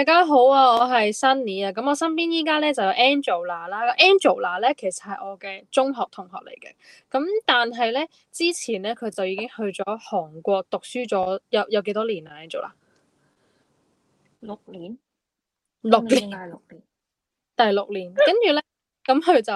大家好啊，我係 Sunny 啊，咁我身邊依家咧就有 Angela 啦，Angela 咧其實係我嘅中學同學嚟嘅，咁、 就是、但係咧之前咧佢就已經去咗韓國讀書咗，有有幾多年啊 Angela？六年，六年，第六年，第六年，跟住咧，咁佢就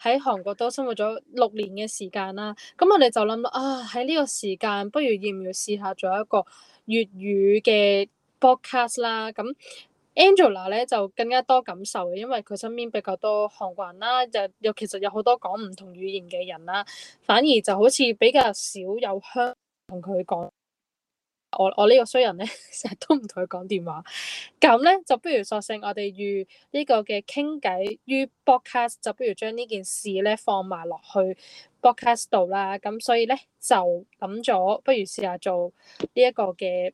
喺韓國都生活咗六年嘅時間啦，咁我哋就諗到啊，喺呢個時間，不如要唔要試下做一個粵語嘅 broadcast 啦？咁 Angela 咧就更加多感受嘅，因為佢身邊比較多韓國人啦，又又其實有好多講唔同語言嘅人啦，反而就好似比較少有香同佢講。我我個呢個衰人咧，成日都唔同佢講電話，咁咧就不如索性我哋於呢個嘅傾偈於 broadcast 就不如將呢件事咧放埋落去 broadcast 度啦。咁所以咧就諗咗，不如試下做呢一個嘅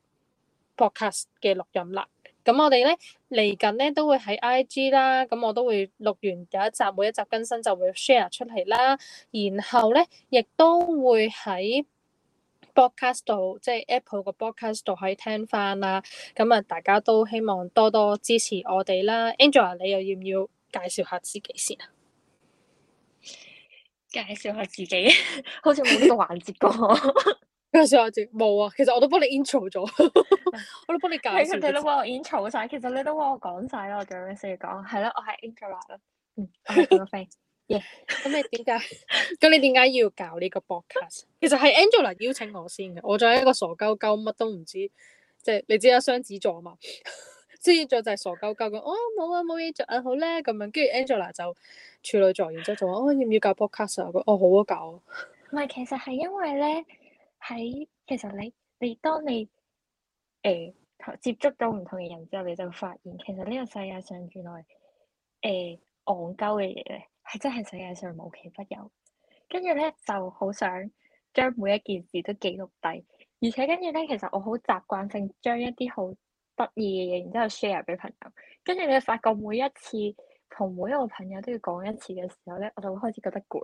broadcast 嘅錄音啦。咁我哋咧嚟緊咧都會喺 IG 啦，咁我都會錄完第一集，每一集更新就會 share 出嚟啦。然後咧亦都會喺 podcast 度，即係 Apple 個 podcast 度可以聽翻啦。咁啊，大家都希望多多支持我哋啦。Angela，你又要唔要介紹下自己先啊？ 介紹下自己 好，好似冇呢個環節過。介紹下先，冇啊，其實我都幫你 intro 咗，我都幫你搞。你都幫我 intro 晒，其實你都幫我講晒啦，咁樣先講係啦，我係 Angela 啦。我 嗯，咁、yeah. 你點解？咁你點解要搞呢個 broadcast？其實係 Angela 邀請我先嘅，我仲係一個傻鳩鳩，乜都唔知，即係你知啦，雙子座啊嘛，雙子座就係傻鳩鳩咁，哦，冇啊，冇嘢做啊，好咧咁樣，跟住 Angela 就處女座，然之後就話，哦，要唔要搞 broadcast？我話哦，好啊，搞。唔係，其實係因為咧。喺其實你你當你誒、欸、接接觸到唔同嘅人之後，你就發現其實呢個世界上原來誒戇鳩嘅嘢咧，係、欸、真係世界上無奇不有。跟住咧就好想將每一件事都記錄低，而且跟住咧，其實我好習慣性將一啲好得意嘅嘢，然之後 share 俾朋友。跟住你發覺每一次同每一個朋友都要講一次嘅時候咧，我就會開始覺得攰，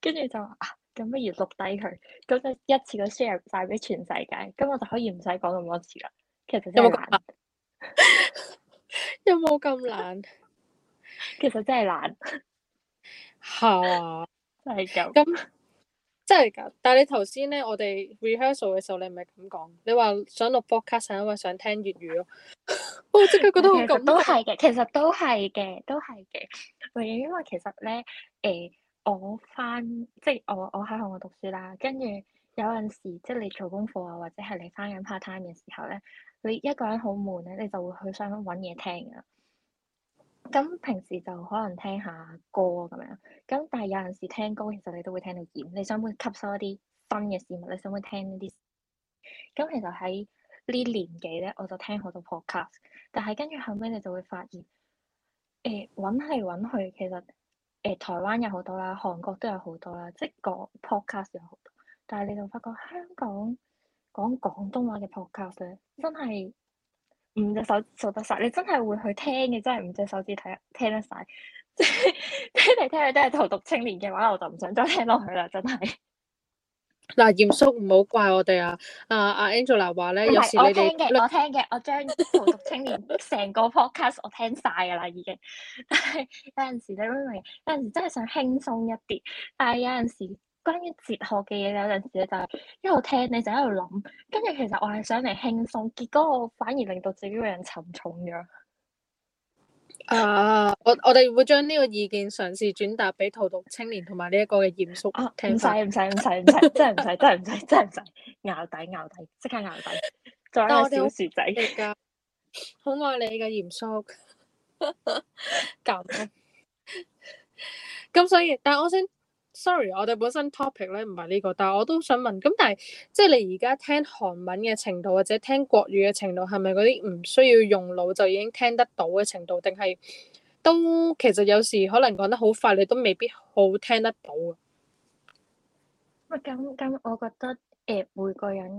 跟住就話。啊咁不如錄低佢，咁就一次嘅 share 晒俾全世界，咁我就可以唔使講咁多次啦。其實有冇懶？有冇咁懶？ 有有懶 其實真係懶。啊，真係咁。咁真係㗎，但係你頭先咧，我哋 rehearsal 嘅時候，你唔係咁講，你話想錄 podcast，因為想聽粵語咯。 我即刻覺得好咁。都係嘅，其實都係嘅，都係嘅。唔係因為其實咧，誒、呃。我翻即係我我喺學校讀書啦，跟住有陣時即係你做功課啊，或者係你翻緊 part time 嘅時候咧，你一個人好悶咧，你就會去上想搵嘢聽噶。咁平時就可能聽下歌咁樣，咁但係有陣時聽歌其實你都會聽到厭，你想唔想吸收一啲新嘅事物？你想唔想聽呢啲？咁其實喺呢年紀咧，我就聽好多 podcast，但係跟住後尾，你就會發現，誒，搵嚟搵去其實。誒、呃、台灣有好多啦，韓國都有好多啦，即係講 podcast 有好多。但係你就發覺香港講廣東話嘅 podcast 咧，真係五隻手數得晒，你真係會去聽嘅， 真係五隻手指睇聽得晒，聽嚟聽去都係台獨青年嘅話，我就唔想再聽落去啦，真係。嗱，嚴叔唔好怪我哋啊！阿、啊、阿 Angela 話咧，有時你哋嘅，我聽嘅，我將成熟青年成個 podcast 我聽晒噶啦，已經。但係有陣時你明唔明？有陣時真係想輕鬆一啲，但係有陣時關於哲學嘅嘢、就是，有陣時你就一路聽，你就喺度諗，跟住其實我係想嚟輕鬆，結果我反而令到自己個人沉重咗。啊、uh，我我哋會將呢個意見嘗試轉達俾荼毒青年同埋呢一個嘅嚴肅聽。唔使唔使唔使唔使，真係唔使真係唔使真係唔使咬底咬底，即刻咬底，再一個小時仔。好愛你嘅嚴肅咁。 不定 所以，但係我想。Sorry，我哋本身 topic 咧唔係、這、呢個，但係我都想問，咁但係即係你而家聽韓文嘅程度，或者聽國語嘅程度，係咪嗰啲唔需要用腦就已經聽得到嘅程度，定係都其實有時可能講得好快，你都未必好聽得到。喂，咁咁，我覺得誒、呃、每個人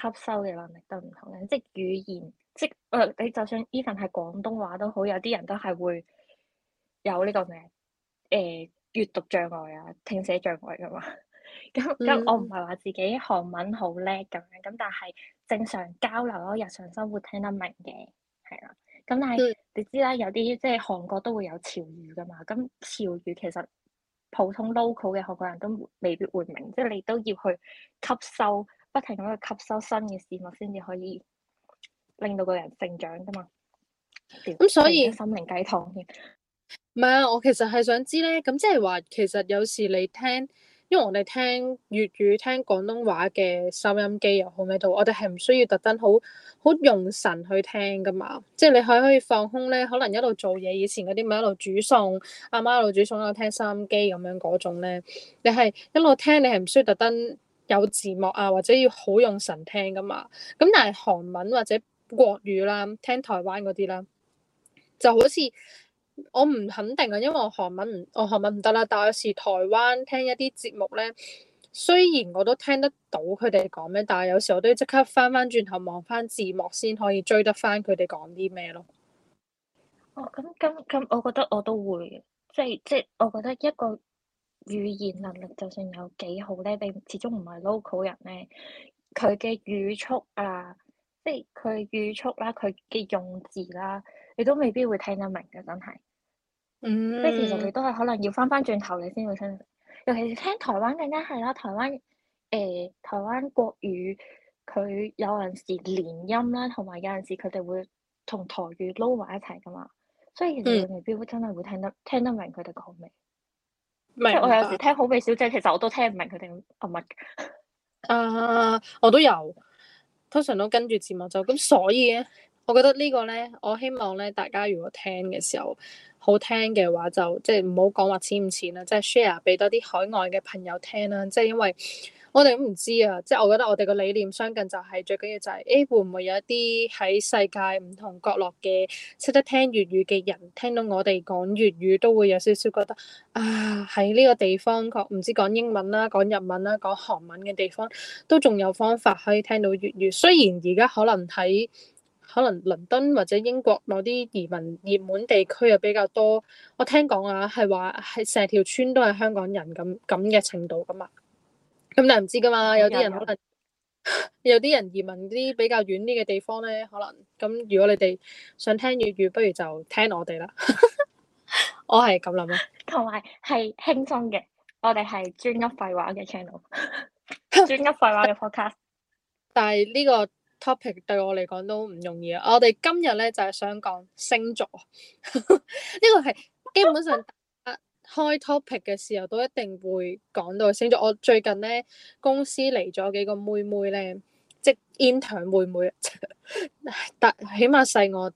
吸收嘅能力都唔同嘅，即係語言，即係誒你就算 even 係廣東話都好，有啲人都係會有呢個咩誒。呃閱讀障礙啊，聽寫障礙噶嘛，咁 咁我唔係話自己韓文好叻咁樣，咁但係正常交流咯，日常生活聽得明嘅，係啦，咁但係你知啦，有啲即係韓國都會有潮語噶嘛，咁潮語其實普通 local 嘅韓國人都未必會明，即係你都要去吸收，不停咁去吸收新嘅事物，先至可以令到個人成長噶嘛。咁所以心靈雞湯添。唔係啊，我其實係想知咧，咁即係話，其實有時你聽，因為我哋聽粵語、聽廣東話嘅收音機又好喺度，我哋係唔需要特登好好用神去聽噶嘛。即係你可以放空咧，可能一路做嘢，以前嗰啲咪一路煮餸，阿媽一路煮餸一路聽收音機咁樣嗰種咧。你係一路聽，你係唔需要特登有字幕啊，或者要好用神聽噶嘛。咁但係韓文或者國語啦，聽台灣嗰啲啦，就好似。我唔肯定啊，因為我韓文唔，我韓文唔得啦。但係有時台灣聽一啲節目咧，雖然我都聽得到佢哋講咩，但係有時我都要即刻翻翻轉頭望翻字幕先可以追得翻佢哋講啲咩咯。哦，咁咁咁，我覺得我都會，即係即係，就是、我覺得一個語言能力就算有幾好咧，你始終唔係 local 人咧，佢嘅語速啊，即係佢語速啦、啊，佢嘅用字啦、啊，你都未必會聽得明嘅，真係。即係、mm hmm. 其實佢都係可能要翻翻轉頭你先會聽到，尤其是聽台灣更加係啦。台灣誒、呃，台灣國語佢有陣時連音啦，同埋有陣時佢哋會同台語撈埋一齊噶嘛。所以其實未必會真係會聽得聽得明佢哋講咩。嗯、即係我有時聽好味小姐，其實我都聽唔明佢哋講乜。啊 ，uh, 我都有，通常都跟住字幕就咁，所以咧。我覺得個呢個咧，我希望咧，大家如果聽嘅時候好聽嘅話，就即係唔好講話錢唔錢啦，即係 share 俾多啲海外嘅朋友聽啦。即係因為我哋都唔知啊，即係我覺得我哋個理念相近，就是，就係最緊要就係、是、誒、欸、會唔會有一啲喺世界唔同角落嘅識得聽粵語嘅人，聽到我哋講粵語都會有少少覺得啊喺呢個地方唔知講英文啦、講日文啦、講韓文嘅地方都仲有方法可以聽到粵語。雖然而家可能喺～可能倫敦或者英國某啲移民熱門地區又比較多，我聽講啊，係話係成條村都係香港人咁咁嘅程度噶嘛。咁你唔知噶嘛，有啲人可能有啲人移民啲比較遠啲嘅地方咧，可能咁。如果你哋想聽粵語，不如就聽我哋啦。 我係咁諗啊。同埋係輕鬆嘅，我哋係專一廢話嘅 channel，專一廢話嘅 podcast 但係呢、呢個 topic 對我嚟講都唔容易啊！我哋今日咧就係、是、想講星座，呢 個係基本上開 topic 嘅時候都一定會講到星座。我最近咧公司嚟咗幾個妹妹咧，即 intern 妹妹， 但起碼細我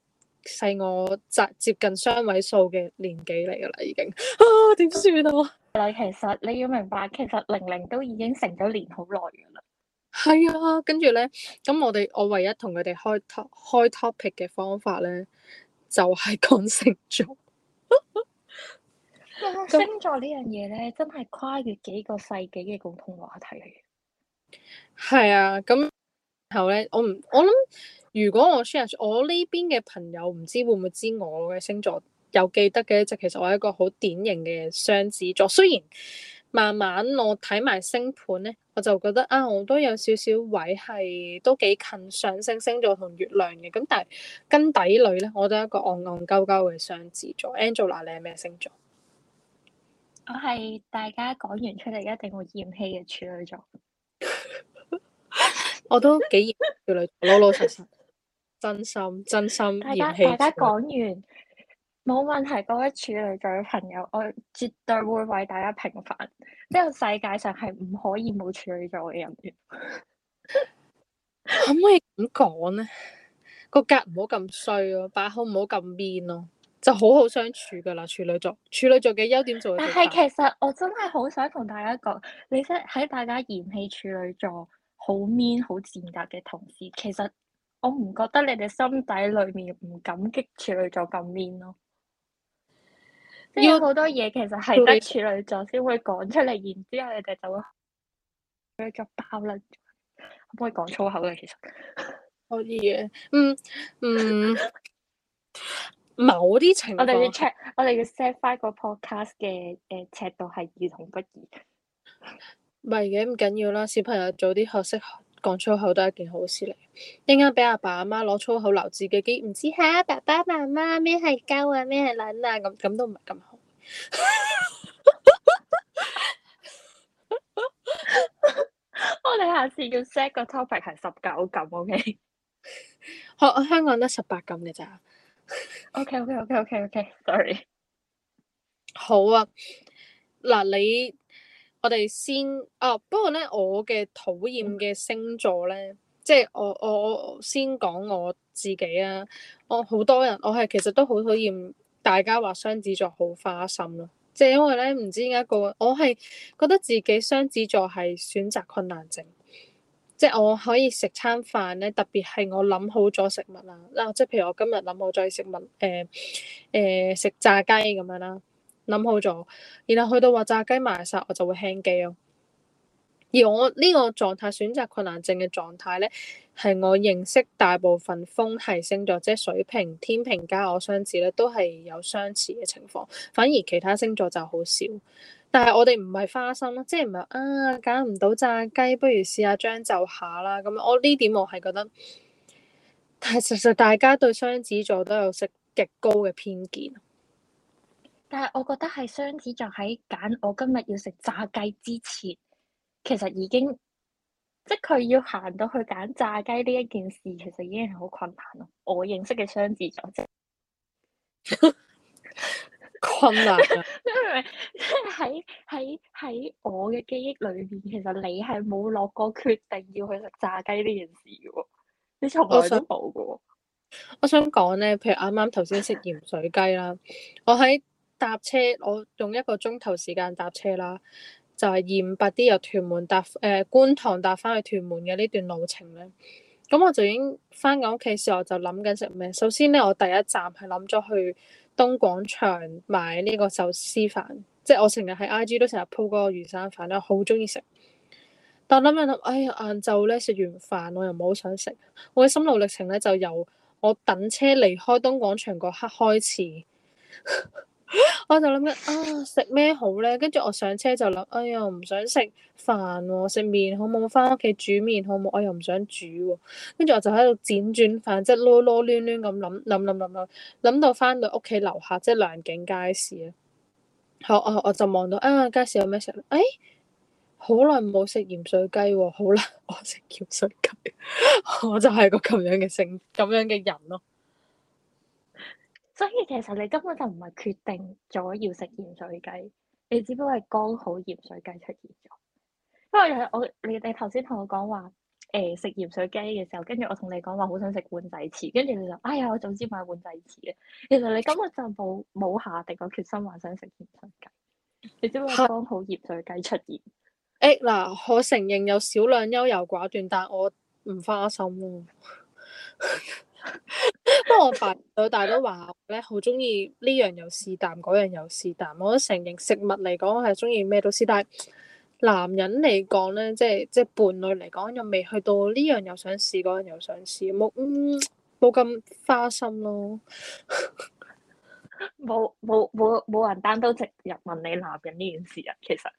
細我扎接近雙位數嘅年紀嚟噶啦，已經啊點算啊！啊其實你要明白，其實零零都已經成咗年好耐噶啦。係啊，跟住咧，咁我哋我唯一同佢哋開 top 開 topic 嘅方法咧，就係、是、講星座。 那星座呢樣嘢咧，真係跨越幾個世紀嘅共同話題。係啊，咁、嗯、後咧，我唔我諗，如果我 share 我呢邊嘅朋友，唔知會唔會知我嘅星座？有記得嘅，即其實我係一個好典型嘅雙子座，雖然。慢慢我睇埋星盤咧，我就覺得啊，我都有少少位係都幾近上升星座同月亮嘅，咁但係根底裏咧，我都一個戇戇鳩鳩嘅雙子座。Angela，你係咩星座？我係大家講完出嚟一定會嫌棄嘅處女座， 我都幾嫌棄嘅處女座 老老實實，真心真心嫌棄。大家講完。冇問題，各位處女座嘅朋友，我絕對會為大家平反，即係世界上係唔可以冇處女座嘅人嘅。 可唔可以咁講咧？那個格唔好咁衰咯，把口唔好咁 mean 咯，就好好相處噶啦。處女座，處女座嘅優點就。但係其實我真係好想同大家講，你即係喺大家嫌棄處女座好 mean、好賤格嘅同時，其實我唔覺得你哋心底裏面唔感激處女座咁 mean 咯。有好多嘢其實係得處女座，先會講出嚟。然之後你哋就會俾佢作爆啦。可唔 可以講粗口啊？其實可以嘅。嗯嗯， 某啲情，我哋要 check， 我哋要 set 翻個 podcast 嘅誒、呃、尺度係兒童不宜。唔係嘅，唔緊要啦。小朋友早啲學識。講粗口都係一件好事嚟，一陣間俾阿爸阿媽攞粗口鬧自己機，幾唔知吓、啊、爸爸媽媽咩係鳩啊咩係撚啊，咁咁都唔係咁好。 我哋下次嘅 set 個 topic 係十九咁，OK。 我香港得十八咁嘅咋？OK OK OK OK OK，sorry、okay.。好啊，嗱你。我哋先啊、哦，不過咧，我嘅討厭嘅星座咧，嗯、即係我我我先講我自己啊。我好多人，我係其實都好討厭大家話雙子座好花心咯、啊。即係因為咧，唔知點解個我係覺得自己雙子座係選擇困難症。即係我可以食餐飯咧，特別係我諗好咗食物啊啦。即係譬如我今日諗好咗食物，誒、呃、誒、呃、食炸雞咁樣啦、啊。諗好咗，然後去到話炸雞賣晒，我就會輕機咯。而我呢個狀態選擇困難症嘅狀態呢，係我認識大部分風系星座，即係水瓶、天秤加我雙子呢都係有相似嘅情況。反而其他星座就好少。但係我哋唔係花心咯，即係唔係啊，揀唔到炸雞，不如試下將就下啦。咁我呢點我係覺得，但係其實大家對雙子座都有食極高嘅偏見。但係我覺得係雙子座喺揀我今日要食炸雞之前，其實已經即係佢要行到去揀炸雞呢一件事，其實已經係好困難咯。我認識嘅雙子座，即 困難的。唔係即係喺喺喺我嘅記憶裏邊，其實你係冇落過決定要去食炸雞呢件事嘅喎，你從來都冇嘅喎。我想講咧，譬如啱啱頭先食鹽水雞啦， 我喺。搭車，我用一個鐘頭時間搭車啦，就係二五八啲由屯門搭誒、呃、觀塘搭翻去屯門嘅呢段路程咧。咁、嗯、我就已經翻緊屋企，時候就諗緊食咩。首先咧，我第一站係諗咗去東廣場買呢個壽司飯，即係我成日喺 I G 都成日 po 個魚生飯咧，好中意食。但諗下諗，哎呀，晏晝咧食完飯，我又唔好想食。我嘅心路歷程咧，就由我等車離開東廣場嗰刻開始。 我就諗緊啊食咩好咧？跟住我上車就諗，哎呀唔想食飯喎，食麵好冇？翻屋企煮麵好冇？我又唔想煮、啊，跟住我就喺度輾轉反側，囉囉攣攣咁諗諗諗諗諗，諗到翻到屋企樓下即係良景街市好啊！我我就望到啊街市有咩食，啊？哎，好耐冇食鹽水雞喎，啊，好啦，我食鹽水雞， 我就係個咁樣嘅性咁樣嘅人咯，啊。所以其實你根本就唔係決定咗要食鹽水雞，你只不過係剛好鹽水雞出現咗。因為我你哋頭先同我講話，誒、欸、食鹽水雞嘅時候，跟住我同你講話好想食碗仔翅，跟住你就哎呀，我早知買碗仔翅嘅。」其實你根本就冇冇下定個決心，話想食鹽水雞。你只不過剛好鹽水雞出現。誒嗱、 欸，我承認有少量優柔寡斷，但我唔花心 不過我爸到大都話咧，好中意呢樣又試啖，嗰樣又試啖。我都承認食物嚟講，我係中意咩都試，但係男人嚟講咧，即係即係伴侶嚟講，又未去到呢樣又想試，嗰樣又想試，冇嗯冇咁花心咯、啊。 冇冇冇，冇人單刀直入問你男人呢件事啊，其實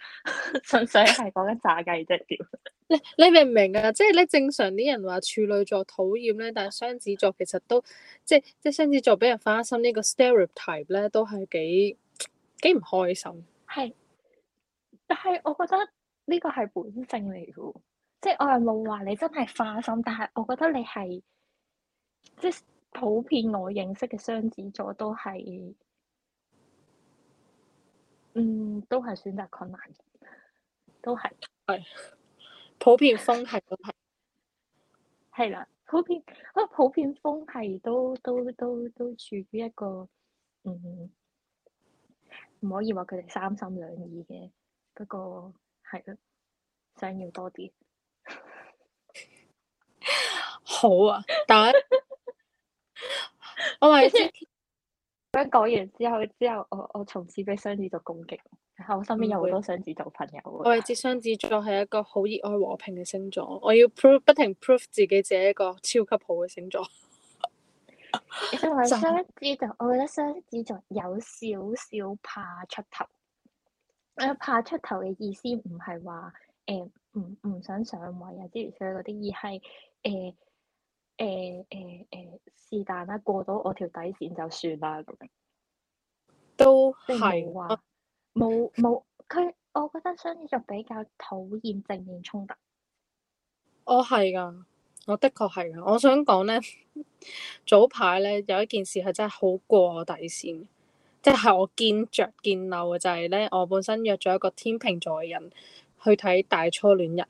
純粹係講緊炸雞啫，點 你你明唔明啊？即係咧，正常啲人話處女座討厭咧，但係雙子座其實都即係即係雙子座比人花心，這個，呢個 stereotype 咧，都係幾幾唔開心。係，但係我覺得呢個係本性嚟噶，即係我又冇話你真係花心，但係我覺得你係即係。就是普遍我認識嘅雙子座都係，嗯，都係選擇困難，都係，係普遍風係都係，係 啦，普遍普遍風係都都都都都處於一個，嗯，唔可以話佢哋三心兩意嘅，不過係咯，想要多啲， 好啊，但係。 我係咁講完之後，之後我我從此俾雙子座攻擊。我身邊有好多雙子座朋友。會我係知雙子座係一個好熱愛和平嘅星座。我要 prove 不停 prove 自，自己自己一個超級好嘅星座。咁 雙子座，我覺得雙子座有少少怕出頭。誒，怕出頭嘅意思唔係話，誒、呃，唔唔想上位啊，之類嗰啲，而係誒。呃誒誒誒，是但啦，過咗我條底線就算啦，咁樣都係話冇冇佢，啊、我覺得雙子座比較討厭正面衝突。我係噶，我的確係噶。我想講咧， 早排咧有一件事係真係好過我底線，即、就、係、是、我見着見漏嘅就係咧，我本身約咗一個天秤座嘅人去睇大初戀日，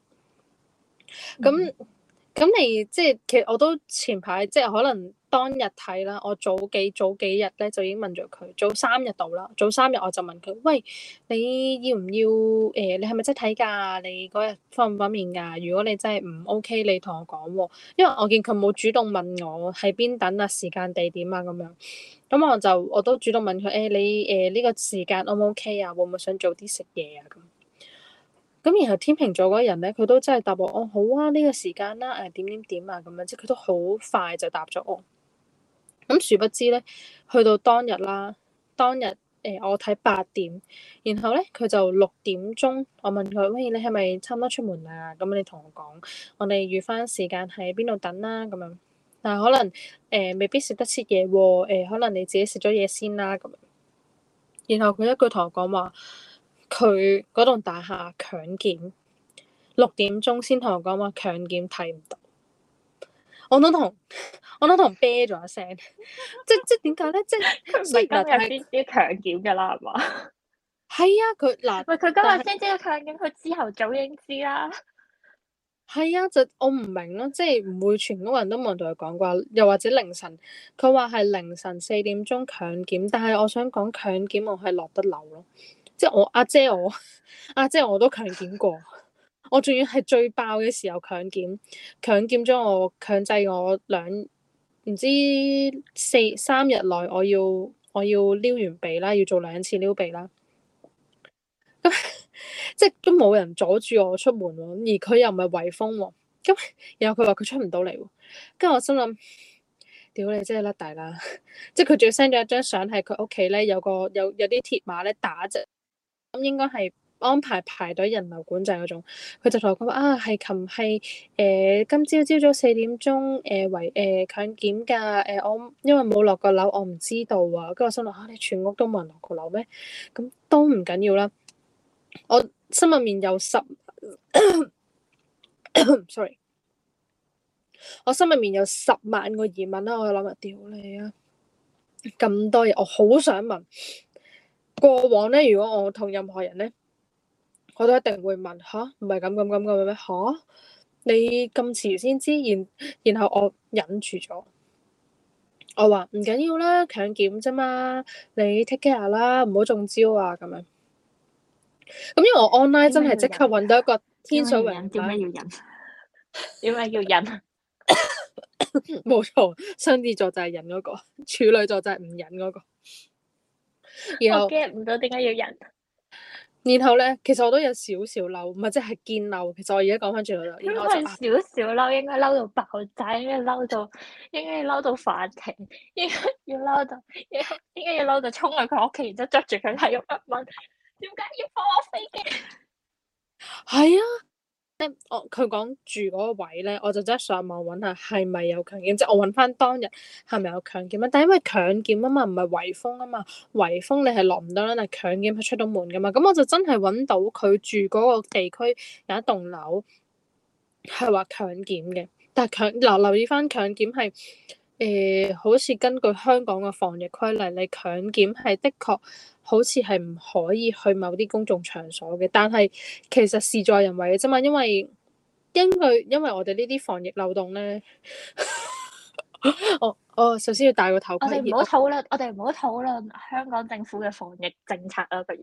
咁。嗯咁你即係其實我都前排即係可能當日睇啦，我早幾早幾日咧就已經問咗佢，早三日到啦，早三日我就問佢，喂你要唔要誒、呃？你係咪真睇㗎？你嗰日方唔方便㗎、啊？如果你真係唔 OK，你同我講喎、啊，因為我見佢冇主動問我喺邊等啊，時間地點啊咁樣，咁我就我都主動問佢誒、欸，你誒呢、呃這個時間 O 唔 OK 啊？會唔會想早啲食嘢啊咁？咁然後天秤座嗰人咧，佢都真係答我，哦，好啊，呢個時間啦，誒點點點啊，咁樣即係佢都好快就答咗我。咁殊不知咧，去到當日啦，當日誒我睇八點，然後咧佢就六點鐘，我問佢，喂，你係咪差唔多出門啊？咁你同我講，我哋預翻時間喺邊度等啦，咁樣。但係可能誒未必食得切嘢喎，可能你自己食咗嘢先啦，咁樣。然後佢一句同我講話。佢嗰棟大廈強檢，六點鐘先同我講話強檢睇唔到。我都同我都同啤咗一聲， 即即點解咧？即係今日先要強檢噶啦，係嘛？係啊，佢嗱，喂，佢今日先要強檢，佢之後早應知啦。係 啊，就我唔明咯，即係唔會全屋人都冇人同佢講啩？又或者凌晨佢話係凌晨四點鐘強檢，但係我想講強檢我係落得樓咯。即係我阿姐我，我阿姐我都強檢過，我仲要係最爆嘅時候強檢，強檢咗我強制我兩唔知四三日內我要我要撩完鼻啦，要做兩次撩鼻啦。咁即係都冇人阻住我出門喎，而佢又唔係圍封喎。咁然後佢話佢出唔到嚟，跟住我心諗：屌你真係甩大啦！即係佢仲要 send 咗一張相喺佢屋企咧，有個有有啲鐵馬咧打只。咁應該係安排排隊人流管制嗰種。佢就同我講話啊，係琴係誒今朝朝早早四點鐘誒圍誒強檢㗎。誒、呃、我因為冇落過樓，我唔知道啊。跟住我心諗吓，你全屋都冇人落過樓咩？咁都唔緊要啦。我心入面有十咳咳咳咳，sorry，我心入面有十萬個疑問啦。我諗我屌你啊，咁多嘢，我好想問。過往咧，如果我同任何人咧，我都一定會問吓，唔係咁咁咁咁嘅咩吓？你咁遲先知，然然後我忍住咗。我話唔緊要啦，強檢啫嘛，你 take care 啦，唔好中招啊，咁樣。咁因為我 online 真係即刻揾到一個天水圍人。點解要忍？點解要忍？冇錯，雙子 座就係忍嗰個，處女座就係唔忍嗰個。然後我 get 唔到點解要人。然後咧，其實我都有少少嬲，唔係即係見漏。其實我而家講翻轉頭，應該少少嬲，應該嬲到爆炸，應該嬲到，應該嬲到反艇，應該要嬲到，應該要嬲到衝去佢屋企，然之後捉住佢喺度屈問，點解要放我飛機？係啊。我佢講住嗰個位咧，我就即刻上網搵下係咪有強檢，即係我搵翻當日係咪有強檢啊？但係因為強檢啊嘛，唔係颱風啊嘛，颱風你係落唔到啦，但係強檢佢出到門噶嘛，咁我就真係搵到佢住嗰個地區有一棟樓係話強檢嘅，但係強嗱留意翻強檢係。誒、呃，好似根據香港嘅防疫規例，你強檢係的確好似係唔可以去某啲公眾場所嘅。但係其實事在人為嘅啫嘛，因為根據因，因為我哋呢啲防疫漏洞咧，我 我、哦哦、首先要戴個頭盔。我哋唔好討論，我哋唔好討論香港政府嘅防疫政策啦，啊，不如，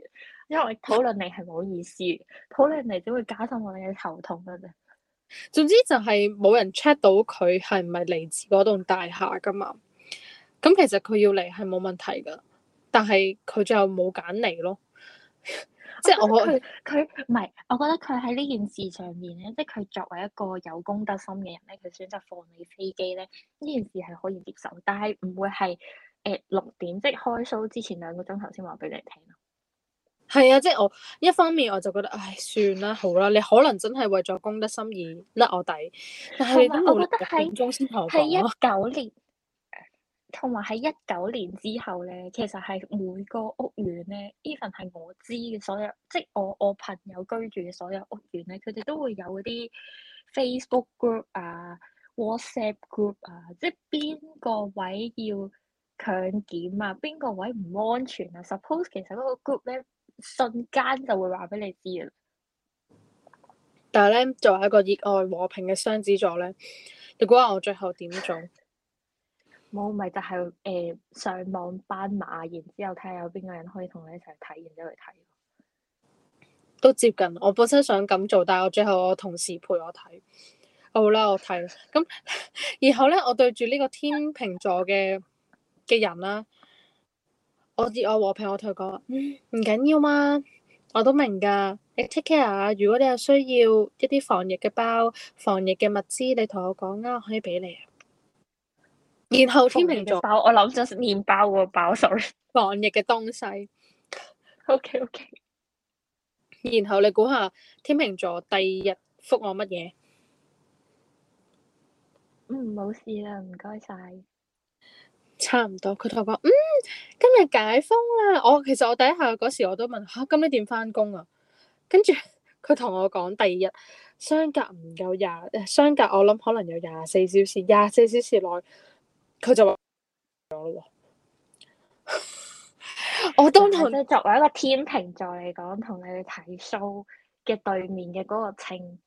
因為討論你係冇意思，討論嚟只會搞到我哋嘅頭痛嘅啫。總之就係冇人 check 到佢係唔係嚟自嗰棟大廈噶嘛，咁其實佢要嚟係冇問題噶，但係佢就冇揀嚟咯。即 係我佢佢唔係，我覺得佢喺呢件事上面咧，即係佢作為一個有公德心嘅人咧，佢選擇放你飛機咧，呢件事係可以接受，但係唔會係誒六點即開 show 之前兩個鐘頭先話俾你聽。係啊，即係我一方面我就覺得，唉，算啦，好啦，你可能真係為咗公德心而甩我底，有但係我冇六點鐘先同我講。係一九年，同埋喺一九年之後咧，其實係每個屋苑咧，even 係我知嘅所有，即係我我朋友居住嘅所有屋苑咧，佢哋都會有嗰啲 Facebook group 啊、WhatsApp group 啊，即係邊個位要強檢啊，邊個位唔安全啊？Suppose 其實嗰個 group 咧。瞬間就會話俾你知啊！但係咧，作為一個熱愛和平嘅雙子座咧，你估下我最後點做？種？ 冇咪就係誒上網斑馬，然之後睇下有邊個人可以同你一齊睇，然之後去睇。都接近，我本身想咁做，但係我最後我同事陪我睇。好啦，我睇。咁 然後咧，我對住呢個天秤座嘅嘅人啦，啊。我知我和平，我同佢講唔緊要嘛，我都明噶。你 take care，如果你有需要一啲防疫嘅包、防疫嘅物資，你同我講啊，可以俾你。然後天秤座，包我諗想食麵包喎、啊，sorry。防疫嘅東西。OK，OK。然後你估下天秤座第二日覆我乜嘢？嗯，冇事啦，唔該晒。差唔多，佢同我講，嗯，今日解封啦。我其實我第一下嗰時我都問，吓咁你點返工啊？啊跟住佢同我講，第二日相隔唔夠廿，相隔, 20, 相隔我諗可能有廿四小時，廿四小時內佢就話咗咯。 我都同跟你作為一個天秤座嚟講，同你睇 show 嘅對面嘅嗰個秤。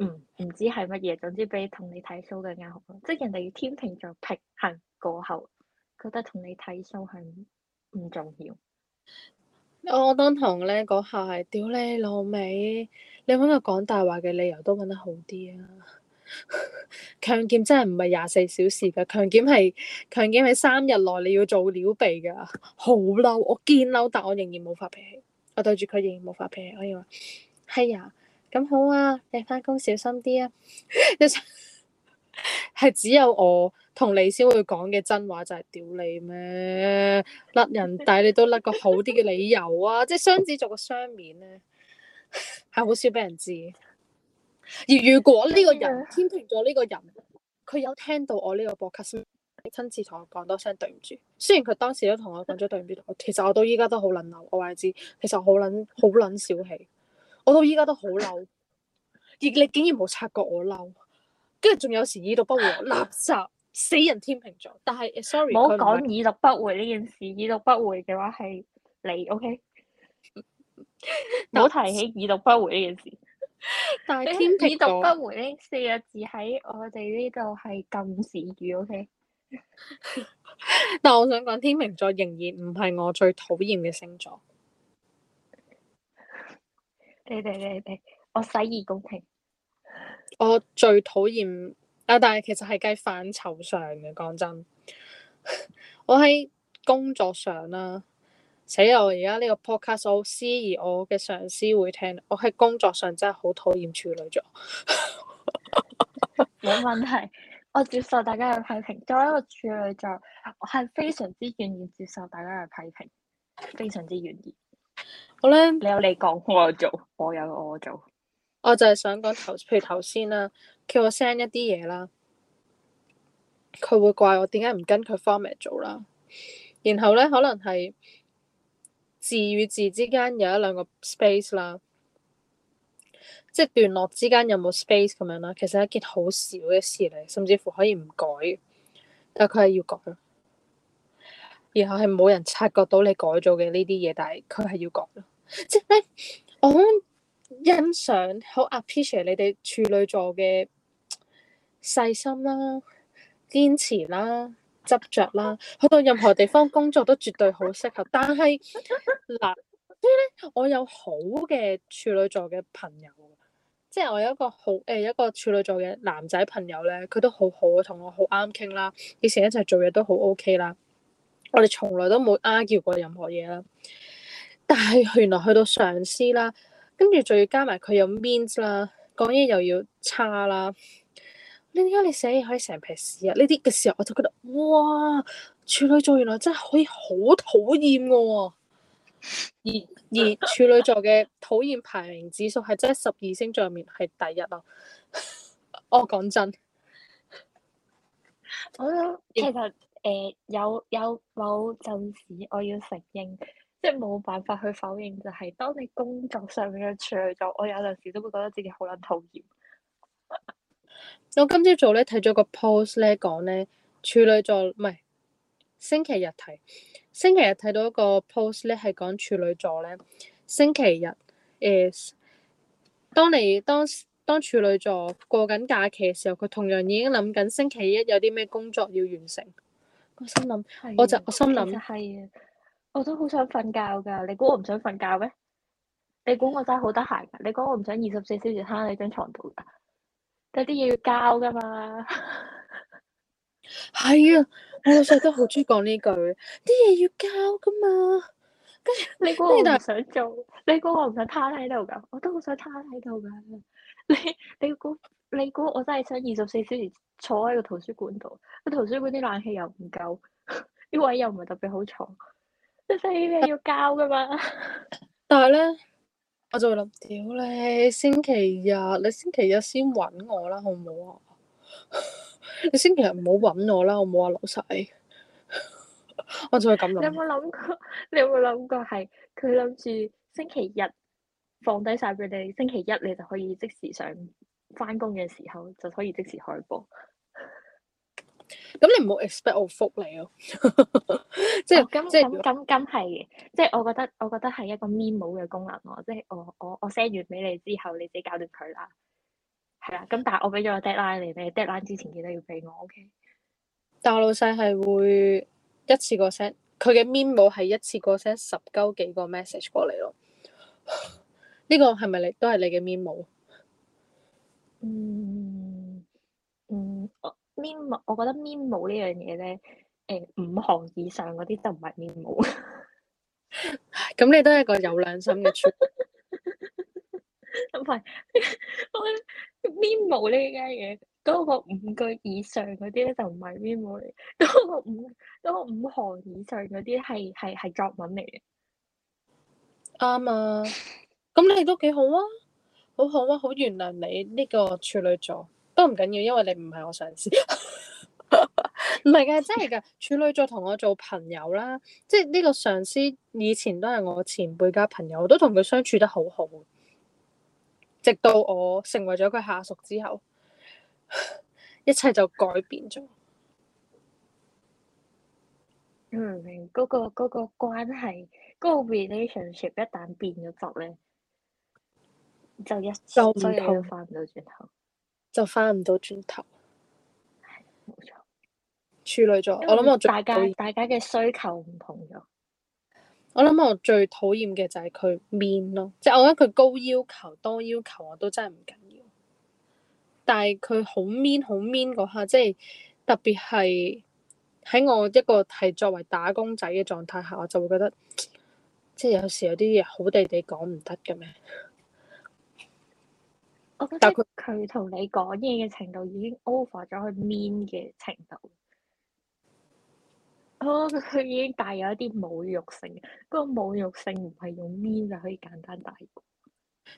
嗯，唔知係乜嘢，總之比同你睇 show 更加好，即係人哋天秤座平衡過後，覺得同你睇 show 係唔重要。我當堂咧嗰下係，屌你老味，你揾個講大話嘅理由都揾得好啲啊！強 檢，真係唔係廿四小時噶，強檢係強檢喺三日內你要做尿備噶，好嬲，我見嬲，但我仍然冇發脾氣，我對住佢仍然冇發脾氣，我以話係啊。咁好啊！你返工小心啲啊！一 係只有我同你先會講嘅真話就係屌你咩甩人底，但你都甩個好啲嘅理由啊！ 即係雙子座個雙面咧，係好少俾人知。而如果呢個人天平座呢個人，佢 有聽到我呢個博客，先親自同我講多聲對唔住。雖然佢當時都同我講咗對唔住，我其實我到依家都好捻嬲，我話你知，其實好捻好捻小氣。我到依家都好嬲，而你竟然冇察覺我嬲，跟住仲有時已讀不回，垃圾死人天秤座。但係，sorry，唔好講已讀不回呢件事。已讀不回嘅話係你，OK？唔好提起已讀不回呢件事。但係天秤座，已讀不回呢四個字喺我哋呢度係禁止語，OK？ 但係我想講天秤座仍然唔係我最討厭嘅星座。你哋你哋，我洗耳恭聽。我最討厭啊！但係其實係計範疇上嘅，講真。 我喺工作上啦、啊，死啦！我而家呢個 podcast 好私，而我嘅上司會聽。我喺工作上真係好討厭處女座。冇 問題，我接受大家嘅批評。作為一個處女座，我係非常之願意接受大家嘅批評，非常之願意。好啦，你有你講，我有做，我有我有做。我就係想講頭，譬如頭先啦，叫我 send 一啲嘢啦，佢會怪我點解唔跟佢 format 做啦。然後咧，可能係字與字之間有一兩個 space 啦，即係段落之間有冇 space 咁樣啦。其實一件好小嘅事嚟，甚至乎可以唔改，但係佢係要改。然後係冇人察覺到你改咗嘅呢啲嘢，但係佢係要講咯。即係咧，我好欣賞好 appreciate 你哋處女座嘅細心啦、堅持啦、執着啦。去到任何地方工作都絕對好適合。但係嗱，所以咧，我有好嘅處女座嘅朋友，即係我有一個好誒，呃，一個處女座嘅男仔朋友咧，佢都好好，同我好啱傾啦。以前一齊做嘢都好 OK 啦。我哋從來都冇 argue 過任何嘢啦，但係原來去到上司啦，跟住仲要加埋佢有 means 啦，講嘢又要差啦，你點解你寫嘢可以成皮屎啊？呢啲嘅時候我就覺得哇，處女座原來真係可以好討厭嘅，而而處女座嘅討厭排名指數係真係十二星座入面係第一啊！哦，講真，我想其實。誒、呃，有有冇就是我要承認，即係冇辦法去否認，就係、是、當你工作上面嘅處女座，我有陣時都會覺得自己好捻討厭。我今朝早咧睇咗個 post 咧，講咧處女座唔係星期日睇，星期日睇到一個 post 咧，係講處女座咧星期日誒，當你當當處女座過緊假期嘅時候，佢同樣已經諗緊星期一有啲咩工作要完成。我心諗，我就我心諗，就係啊！我都好想瞓覺噶，你估我唔想瞓覺咩？你估我真係好得閒噶？你估我唔想二十四小時攤喺張床度噶？有啲嘢要交噶嘛？係啊，我老細都好中意講呢句，啲嘢要交噶嘛？跟住你估我唔想做，你估我唔想攤喺度噶？我都好想攤喺度噶，你你估？你估我真係想二十四小時坐喺個圖書館度？個圖書館啲冷氣又唔夠，呢位又唔係特別好坐。你係要交噶嘛？但係咧，我就會諗，屌你，星期日你星期日先搵我啦，好唔好啊？你星期日唔好搵我啦，好唔好，好，好啊，老細，我就會咁諗。你有冇諗過？你有冇諗過係佢諗住星期日放低晒佢哋，星期一你就可以即時上？翻工嘅時候就可以即時開播，咁你唔好 expect 我覆你咯，即係即係咁咁係，即係我覺得我覺得係一個 memo 嘅功能咯，即係我我我 send 完俾你之後，你自己搞掂佢啦，係啦，咁但係我俾咗個 deadline 你，你，deadline 之前記得要俾我 OK。但我老細係會一次過 send 佢嘅 memo 係一次過 send 十鳩幾個 message 過嚟咯，呢個係咪你都係你嘅 memo？嗯，嗯，我 memo，memo，我覺得 memo 呢樣嘢咧，誒、呃，五行以上嗰啲就唔係 memo。咁你都係個有良心嘅主播。唔係，memo 呢家嘢，多過五句以上嗰啲咧就唔係 memo 嚟，多、那、過、個、五多、那個、五行以上嗰啲係係係作文嚟嘅。啱、嗯、啊！咁你都幾好啊！好好啊，好原諒你呢個處女座都唔緊要，因為你唔係我上司，唔係噶，真係噶，處女座同我做朋友啦，即係呢個上司以前都係我前輩加朋友，我都同佢相處得好好，直到我成為咗佢下屬之後， 一切就改變咗。嗯，嗰個嗰個關係嗰個 relationship 一旦變咗法咧。就一，所以都翻唔到轉頭，就翻唔到轉頭，冇錯，處女座。我諗我大家我我大家嘅需求唔同咗。我諗我最討厭嘅就係佢 mean 咯，即係我覺得佢高要求、多要求，我都真係唔緊要。但係佢好 mean、好 mean 嗰下，即係特別係喺我一個係作為打工仔嘅狀態下，我就會覺得，即係有時有啲嘢好地地講唔得嘅咩？我覺得佢同你講嘢嘅程度已經 over 咗佢 mean 嘅程度。哦，佢已經帶有一啲侮辱性嘅，個侮辱性唔係用 mean 就可以簡單帶過。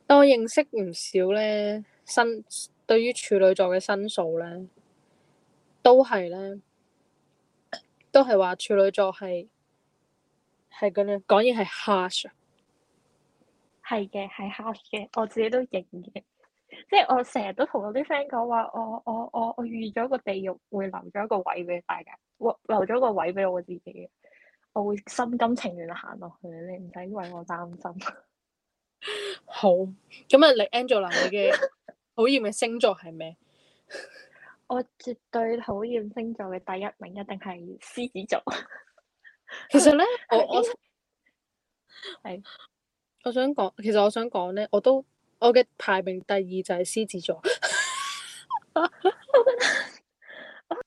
但我認識唔少咧新，對於處女座嘅申訴咧，都係咧，都係話處女座係係咁樣講嘢係 harsh。係嘅，係 harsh 嘅，我自己都認嘅。即係我成日都同我啲 friend 講話，我我我我預咗個地獄會留咗個位俾大家，留咗個位俾我自己嘅，我會心甘情願行落去，你唔使為我擔心。好，咁啊， 你 Angela，你嘅討厭嘅星座係咩？我絕對討厭星座嘅第一名一定係獅子座。其實咧，我我係、 嗯、我想講，其實我想講咧，我都。我嘅排名第二就係獅子座， 我覺得，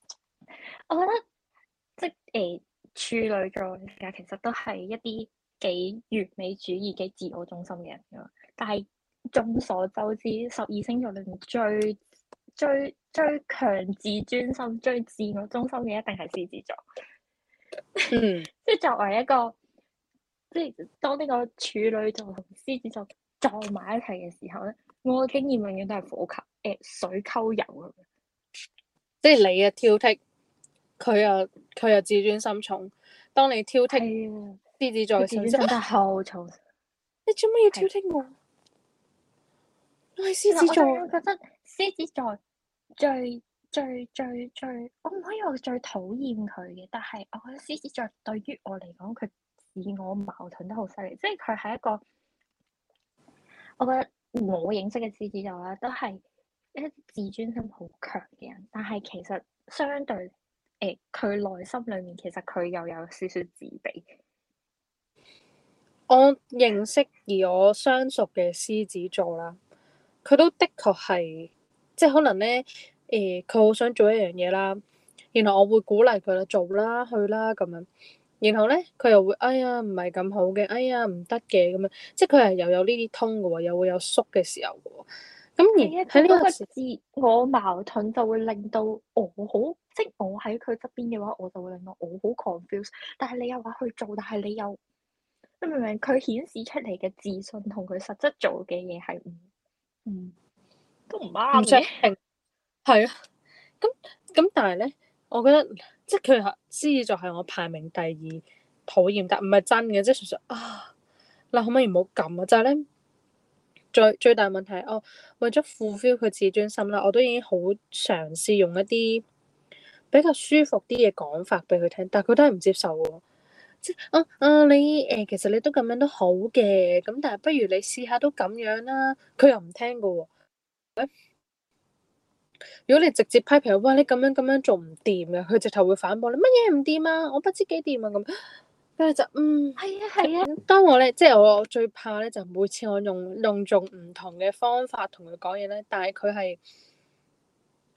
我覺得即係、欸、處女座嘅，其實都係一啲幾完美主義嘅自我中心嘅人嘅，但係眾所周知，十二星座裏面最最最強自尊心、最自我中心嘅一定係獅子座。嗯， 即係作為一個，即係當呢個處女座同獅子座，撞埋一齊嘅時候咧，我嘅經驗永遠都係火球、誒、欸、水溝油啊！即係你嘅挑剔，佢又佢又自尊心重。當你挑剔獅子座，獅子座好嘈，你做咩要挑剔我？獅子座，我仲覺得獅子座最最最最，最，我唔可以話最討厭佢嘅，但係我覺得獅子座對於我嚟講，佢自我矛盾得好犀利，即係佢係一個。我覺得我認識嘅獅子座咧，都係一啲自尊心好強嘅人，但係其實相對誒佢、欸、內心裏面，其實佢又有少少自卑。我認識而我相熟嘅獅子座啦，佢都的確係即係可能咧誒，佢、欸、好想做一樣嘢啦，原來我會鼓勵佢啦，做啦去啦咁樣。然後咧，佢又會，哎呀，唔係咁好嘅，哎呀，唔得嘅咁樣，即係佢係又有呢啲通嘅喎，又會有縮嘅時候嘅喎。咁而喺呢一個自我矛盾，就會令到我好，即係我喺佢側邊嘅話，我就會令到我好 confuse。但係你又話去做，但係你又你明唔明？佢顯示出嚟嘅自信同佢實質做嘅嘢係唔唔都唔啱嘅。係啊，咁咁，但係咧。我覺得即係佢係獅子座係我排名第二討厭，但唔係真嘅，即係純粹啊！嗱，可唔可以唔好咁啊？就係、是、咧，最最大問題哦，為咗 fulfill 佢自尊心啦，我都已經好嘗試用一啲比較舒服啲嘅講法俾佢聽，但係佢都係唔接受嘅。即係啊啊，你誒、呃、其實你都咁樣都好嘅，咁但係不如你試下都咁樣啦。佢又唔聽㗎喎、哦。如果你直接批評，哇！你咁樣咁樣做唔掂嘅，佢直頭會反駁你乜嘢唔掂啊？我不知幾掂啊咁。咁就嗯係啊係啊。嗯、啊啊當我咧，即係我我最怕咧，就每次我用用仲唔同嘅方法同佢講嘢咧，但係佢係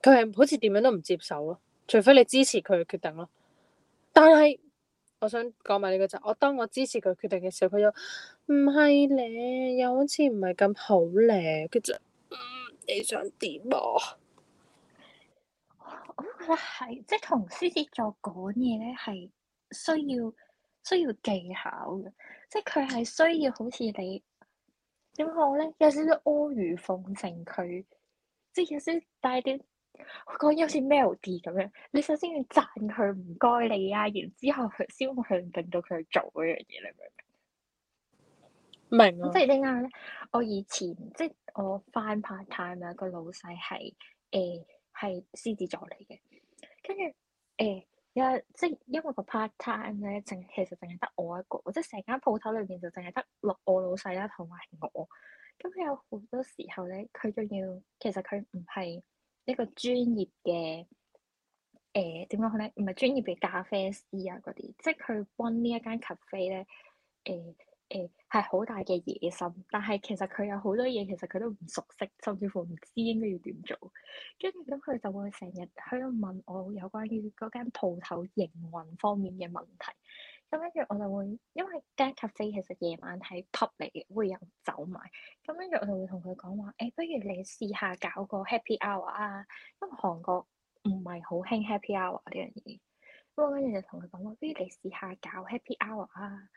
佢係好似點樣都唔接受咯，除非你支持佢嘅決定咯。但係我想講埋呢個就我當我支持佢決定嘅時候，佢又唔係咧，又好似唔係咁好咧。佢就嗯，你想點啊？我覺得係，即係同獅子座講嘢咧，係需要需要技巧嘅，即係佢係需要好似你點講咧，有少少阿諛奉承佢，即係有少帶啲講嘢好似 melody 咁樣。你首先要讚佢唔該你啊，然之後佢先會令到佢做嗰樣嘢，你明唔明？明，即係點解咧，我以前即係我翻 part time 啊，個老細係誒。欸係獅子座嚟嘅，跟住誒，一、呃、即係因為個 part time 咧，淨其實淨係得我一個，即係成間鋪頭裏邊就淨係得老我老細啦，同埋我。咁佢有好多時候咧，佢仲要其實佢唔係一個專業嘅誒點講咧，唔係專業嘅咖啡師啊嗰啲，即係佢幫呢一間 cafe 咧誒。呃誒係好大嘅野心，但係其實佢有好多嘢，其實佢都唔熟悉，甚至乎唔知應該要點做。跟住咁佢就會成日喺度問我有關於嗰間鋪頭營運方面嘅問題。咁跟住我就會，因為間 cafe 其實夜晚係 top 嚟嘅，會有酒賣。咁跟住我就會同佢講話，誒、欸，不如你試下搞個 happy hour 啊，因為韓國唔係好興 happy hour 呢樣嘢。咁我跟住就同佢講話，不如你試下搞 happy hour 啊。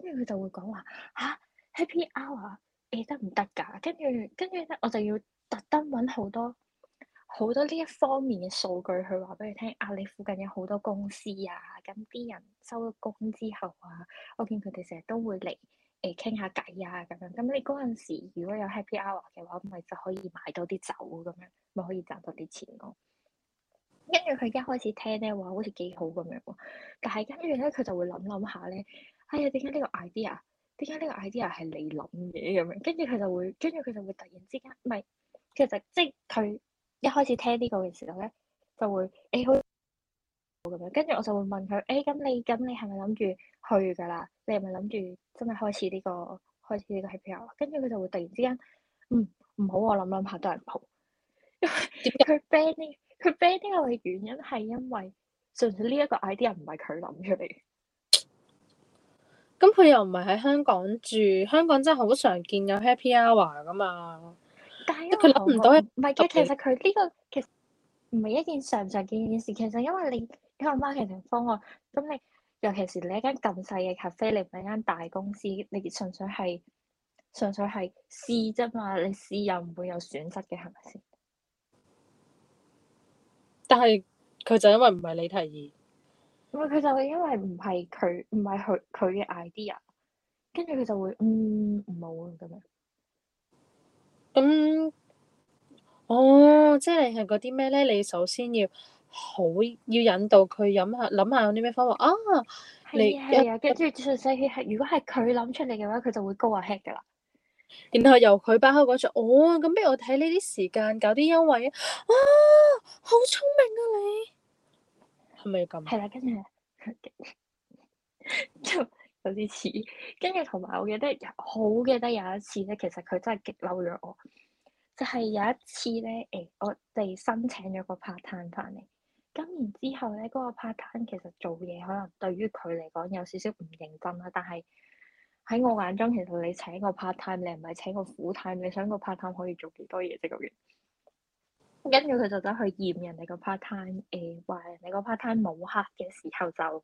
跟住佢就會講話啊 Happy Hour 你得唔得㗎？跟住跟住咧我就要特登揾好多好多呢一方面嘅數據去話俾佢聽。On, 啊，你附近有好多公司啊，咁啲人收咗工之後啊，我見佢哋成日都會嚟誒傾下偈啊，咁樣。咁你嗰陣時如果有 Happy Hour 嘅話，咪就可以買多啲酒咁樣，咪可以賺多啲錢咯。跟住佢一開始聽咧話好似幾好咁樣，但係跟住咧佢就會諗諗下咧。哎呀，點解呢個 idea？點解呢個 idea 係你諗嘅咁樣？跟住佢就會，跟住佢就會突然之間，唔係，其實即係佢一開始聽呢個嘅時候咧，就會誒、欸、好咁樣。跟住我就會問佢：誒、欸、咁你咁你係咪諗住去㗎啦？你係咪諗住真係開始呢個開始呢個 idea？跟住佢就會突然之間，嗯，唔好我諗諗下都係唔好。想一想一想好 ing，因，因為佢 ban 呢佢 ban 呢個嘅原因係因為，純粹呢一個 idea 唔係佢諗出嚟。咁佢又唔係喺香港住，香港真係好常見有 Happy Hour 噶嘛。但係佢諗唔到，唔係嘅。其實佢呢個其實唔係一件常常見嘅事。其實因為你一個 marketing 方案，咁你尤其是你一間咁細嘅咖啡，你唔係一間大公司，你純粹係純粹係試啫嘛。你試又唔會有損失嘅，係咪先？但係佢就因為唔係你提議。佢就會因為唔係佢唔係佢佢嘅 idea，跟住佢就會嗯，唔好咁樣。咁、嗯，哦，即係你係嗰啲咩咧？你首先要好要引導佢飲下諗下有啲咩方法啊。你啊啊，跟住全世界如果係佢諗出嚟嘅話，佢就會 go ahead 噶啦。然後由佢包開嗰出，哦，咁不如我睇呢啲時間搞啲優惠啊！好聰明啊你。係啦，跟住就有啲似，跟住同埋我記得好記得有一次咧，其實佢真係激嬲咗我。就係有一次咧，誒、哎，我哋申請咗個 part time 翻嚟，咁然之後咧，嗰個 part time 其實做嘢可能對於佢嚟講有少少唔認真啦，但係喺我眼中，其實你請個 part time，你唔係請個 full time，你想個 part time 可以做幾多嘢啫，究竟？跟住佢就走去驗人哋個 part time，誒、呃、話人哋個 part time 冇客嘅時候就誒、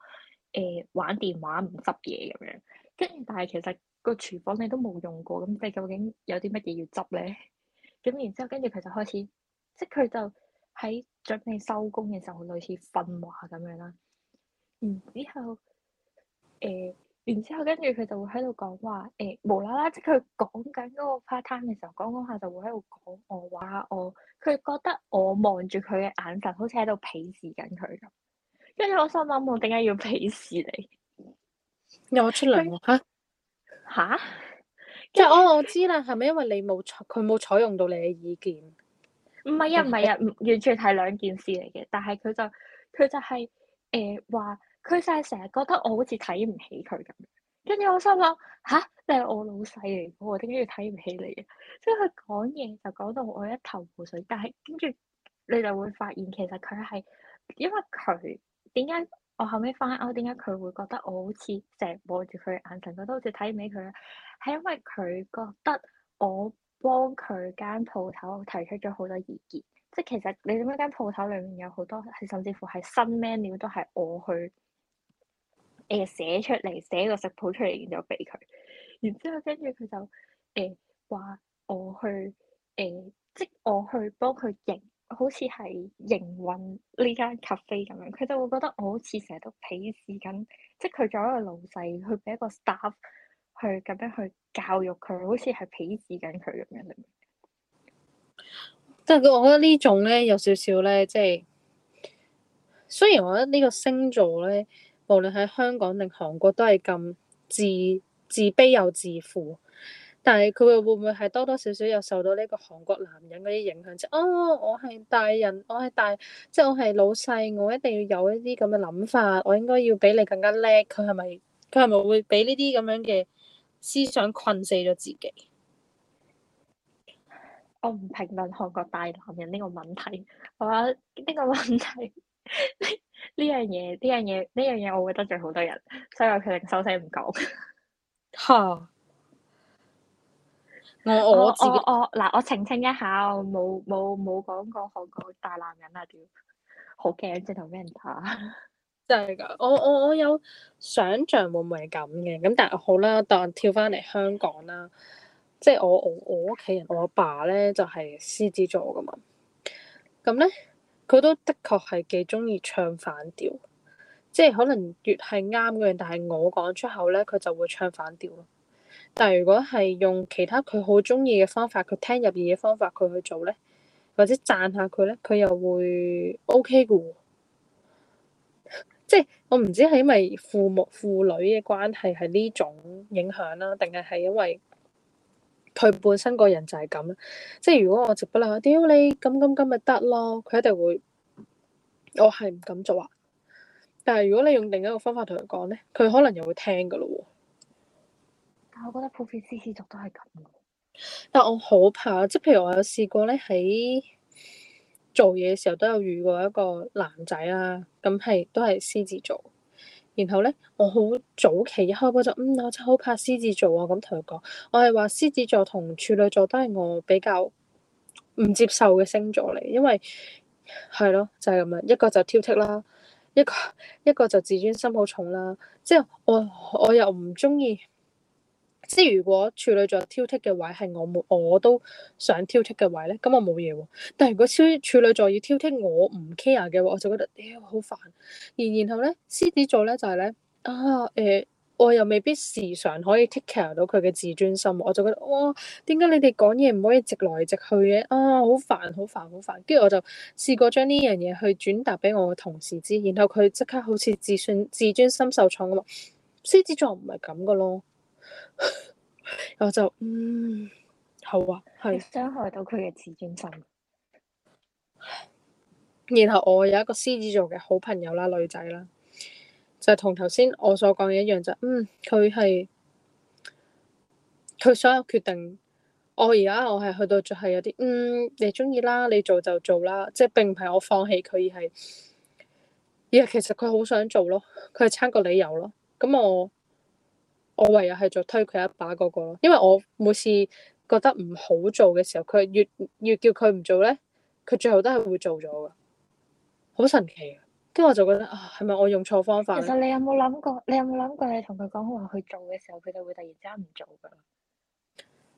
呃、玩電話唔執嘢咁樣。跟住但係其實個廚房你都冇用過，咁你究竟有啲乜嘢要執咧？咁然之後跟住佢就開始，即係佢就喺準備收工嘅時候類似訓話咁樣啦。然之後誒、呃然之後，跟住佢就會喺度講話，誒，無啦啦，即係佢講緊嗰個 part time 嘅時候，講講下就會喺度講我話我，佢覺得我望住佢嘅眼神，好似喺度鄙視緊佢咁。跟住我心諗，我點解要鄙視你？有我出嚟喎，吓吓，即係我我知啦，係咪因為你冇採，佢冇採用到你嘅意見？唔係啊，唔係啊，完全係兩件事嚟嘅。但係佢就佢就係誒話。佢就係成日覺得我好似睇唔起佢咁，跟住我心諗吓，你係我老細嚟嘅喎，點解要睇唔起你啊？即係佢講嘢就講到我一頭霧水，但係跟住你就會發現其實佢係因為佢點解我後尾翻 out，我點解佢會覺得我好似成日望住佢嘅眼神，覺得好似睇唔起佢咧？係因為佢覺得我幫佢間鋪頭提出咗好多意見，即係其實你點樣間鋪頭裏面有好多係甚至乎係新 menu 都係我去。誒，寫出嚟，寫個食譜出嚟，然後俾佢。然之後跟住佢就誒話、呃，我去誒、呃，即我去幫佢營，好似係營運呢間 cafe 咁樣。佢就會覺得我好似成日都鄙視緊，即係佢做一個老細，去俾一個 staff 去咁樣去教育佢，好似係鄙視緊佢咁樣。即係我覺得種呢種咧，有少少咧，即係雖然我覺得呢個星座咧。無論喺香港定韓國都係咁自自卑、又自負，但係佢會會唔會係多多少少又受到呢個韓國男人嗰啲影響？即係，哦，我係大人，我係大，即係我係老細，我一定要有一啲咁嘅諗法，我應該要比你更加叻。佢係咪佢係咪會俾呢啲咁樣嘅思想困死咗自己？我唔評論韓國大男人呢個問題，我啊，呢個問題。 呢樣嘢，呢樣嘢，呢樣嘢，我會得罪好多人，所以我決定收聲唔講。吓、哦，我我我我嗱，我澄清一下，我冇冇冇講過韓國大男人啊！屌，好驚，即係俾人打，真係噶，我我我有想象會唔會係咁嘅，咁但係好啦，當跳翻嚟香港啦，即係我我我屋企人，我阿爸咧就係獅子座噶嘛，咁咧。佢都的確係幾鍾意唱反調，即係可能越係啱嘅人。但係我講出口咧，佢就會唱反調咯。但係如果係用其他佢好鍾意嘅方法，佢聽入面嘅方法，佢去做咧，或者讚下佢咧，佢又會 OK 嘅喎。即係我唔知係因為父母父女嘅關係係呢種影響啦，定係係因為？佢本身個人就係咁，即係如果我直不啦，屌你咁咁咁咪得咯，佢一定會，我係唔敢做啊。但係如果你用另一個方法同佢講咧，佢可能又會聽噶咯喎。但我覺得普遍獅子座都係咁，但我好怕，即係譬如我有試過咧，喺做嘢嘅時候都有遇過一個男仔啦、啊，咁係都係獅子座。然後咧，我好早期開波就嗯，我真好怕獅子座啊！咁同佢講，我係話獅子座同處女座都係我比較唔接受嘅星座嚟，因為係咯，就係咁樣，一個就挑剔啦，一個一個就自尊心好重啦，即係我我又唔中意。即如果處女座挑剔嘅位係我冇，我都想挑剔嘅位咧，咁我冇嘢喎。但係如果處女座要挑剔我唔 care 嘅話，我就覺得好煩。而、欸、然後咧，獅子座咧就係、是、咧啊，誒、欸、我又未必時常可以 take care 到佢嘅自尊心，我就覺得哇，點、啊、解你哋講嘢唔可以直來直去嘅啊？好煩，好煩，好煩。跟住我就試過將呢樣嘢去轉達俾我嘅同事知，然後佢即刻好似自尊自尊心受創咁話，獅子座唔係咁噶咯。我就嗯，好啊，係傷害到佢嘅自尊心。然後我有一個獅子座嘅好朋友啦，女仔啦，就係同頭先我所講嘅一樣就嗯，佢係佢所有決定。我而家我係去到就係有啲嗯，你中意啦，你做就做啦，即係並唔係我放棄佢，而係而係其實佢好想做咯，佢係撐個理由咯，咁我。我唯有係再推佢一把嗰、那個咯，因為我每次覺得唔好做嘅時候，佢越越叫佢唔做咧，佢最後都係會做咗㗎，好神奇啊！跟住我就覺得啊，係咪我用錯方法？其實你有冇諗過？你有冇諗過你？你同佢講話去做嘅時候，佢就會突然之間唔做㗎？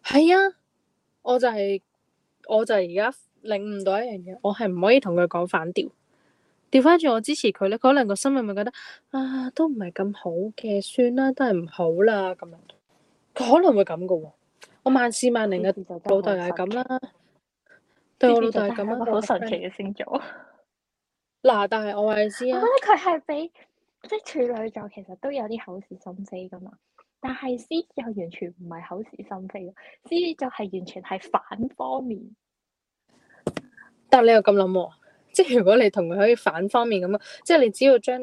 係啊，我就係、係、我就而家領悟到一樣嘢，我係唔可以同佢講反調。調翻轉，我支持佢咧，佢可能個心咪咪覺得啊，都唔係咁好嘅，算啦，都係唔好啦咁樣，佢可能會咁噶喎。我萬事萬靈嘅老豆係咁啦，對我老豆係咁啦。好神奇嘅星座。嗱、啊，但係我話你知啊，佢係 比即係處女座，其實都有啲口是心非噶嘛。但係獅子又完全唔係口是心非，獅子就係完全係反方面。但係你又咁諗、啊？即係如果你同佢可以反方面咁啊，即係你只要將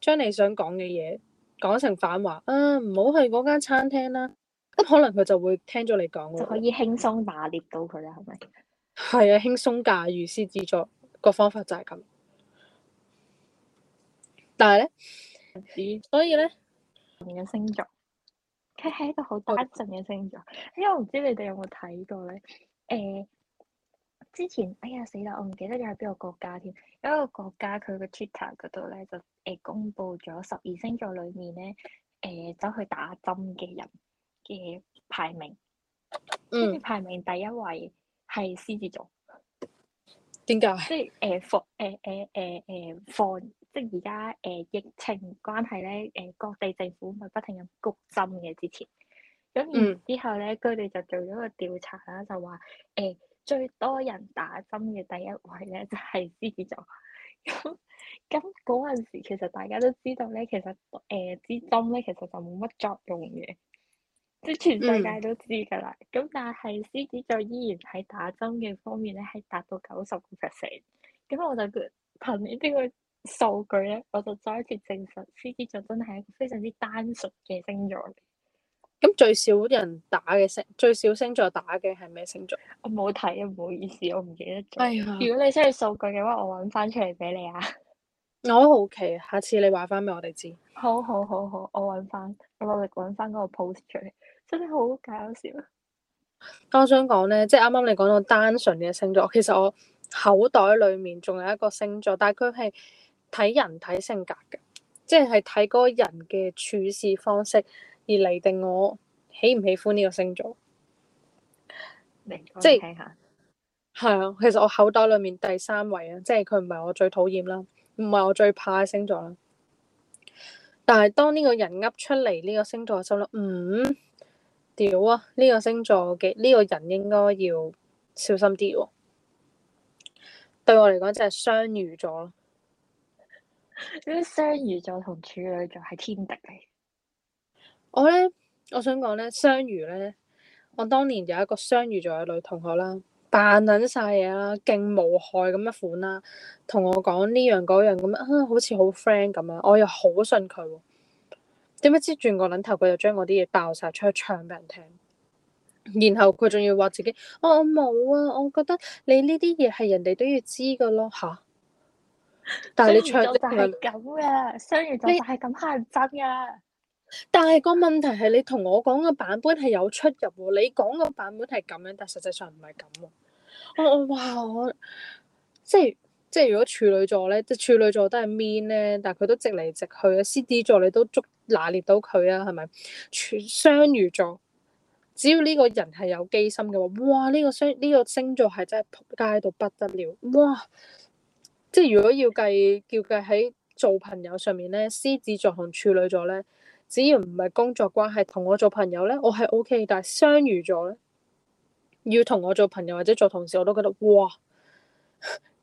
將你想講嘅嘢講成反話啊，唔好去嗰間餐廳啦，咁可能佢就會聽咗你講就可以輕鬆打裂到佢啦，係咪？係啊，輕鬆駕馭獅子座個方法就係咁。但係咧，唔所以咧，邊個星座？佢係一個好單純嘅星座，因為我唔知你哋有冇睇過咧。誒、欸。之前，哎呀死啦！我唔記得你係邊個國家添。有一個國家佢嘅 Twitter 嗰度咧，就誒、呃、公布咗十二星座裏面咧誒、呃、走去打針嘅人嘅排名。嗯。排名第一位係獅子座。點解？即係誒放誒誒誒誒放，呃 for, 呃呃呃、for, 即係而家誒疫情關係咧，誒、呃、各地政府咪不，不停咁焗針嘅之前。咁然之後咧，佢哋、嗯、就做咗個調查啦，就話誒。呃呃最多人打針嘅第一位咧，就係獅子座。咁咁嗰陣時，其實大家都知道咧，其實誒，支、呃、針咧其實就冇乜作用嘅，即係全世界都知㗎啦。咁、嗯、但係獅子座依然喺打針嘅方面咧，係達到九十個 percent。咁我就憑呢啲個數據咧，我就再一次證實獅子座真係一個非常之單純嘅星座。咁最少人打嘅星，最少星座打嘅係咩星座？我冇睇啊，唔好意思，我唔記得咗。哎、呀如果你真係要數據嘅話，我搵翻出嚟俾你啊！我好奇，下次你話翻俾我哋知。好好好好，我搵翻，我努力搵翻嗰個 post 出嚟，真係好搞笑啊！我想講咧，即係啱啱你講到單純嘅星座，其實我口袋裏面仲有一個星座，但係佢係睇人睇性格嘅，即係睇嗰個人嘅處事方式。而嚟定，我喜唔喜歡呢個星座，明白即係睇下。嗯，係啊。其實我口袋裏面第三位啊，即係佢唔係我最討厭啦，唔係我最怕嘅星座啦。但係當呢個人噏出嚟呢個星座嘅時候，我心諗，嗯，屌啊！呢個星座嘅呢個人應該要小心啲喎。對我嚟講，即係雙魚座囉。啲雙魚座同處女座係天敵嚟。我咧，我想講咧，雙魚咧，我當年有一個雙魚座嘅女同學啦，扮捻晒嘢啦，勁無害咁樣款啦，同我講呢樣嗰樣咁啊，好似好 friend 咁樣，我又好信佢、哦。點不知轉個捻頭，佢就將我啲嘢爆晒出去唱俾人聽，然後佢仲要話自己、哦、我我冇啊，我覺得你呢啲嘢係人哋都要知噶咯吓。但係你唱，雙魚就係咁嘅，雙魚就係咁係真嘅。但係個問題係，你同我講個版本係有出入喎。你講個版本係咁樣，但係實際上唔係咁喎。我我話我即係即係，如果處女座咧，即係處女座都係 mean 咧，但係佢都直嚟直去啊。獅子座你都捉拿捏到佢啊，係咪？雙魚座只要呢個人係有機心嘅話，哇！呢、這個雙呢、這個星座係真係扑街到不得了，哇！即係如果要計叫計喺做朋友上面咧，獅子座同處女座咧。只要唔係工作關係，同我做朋友咧，我係 O K。但係雙魚座咧，要同我做朋友或者做同事，我都覺得哇，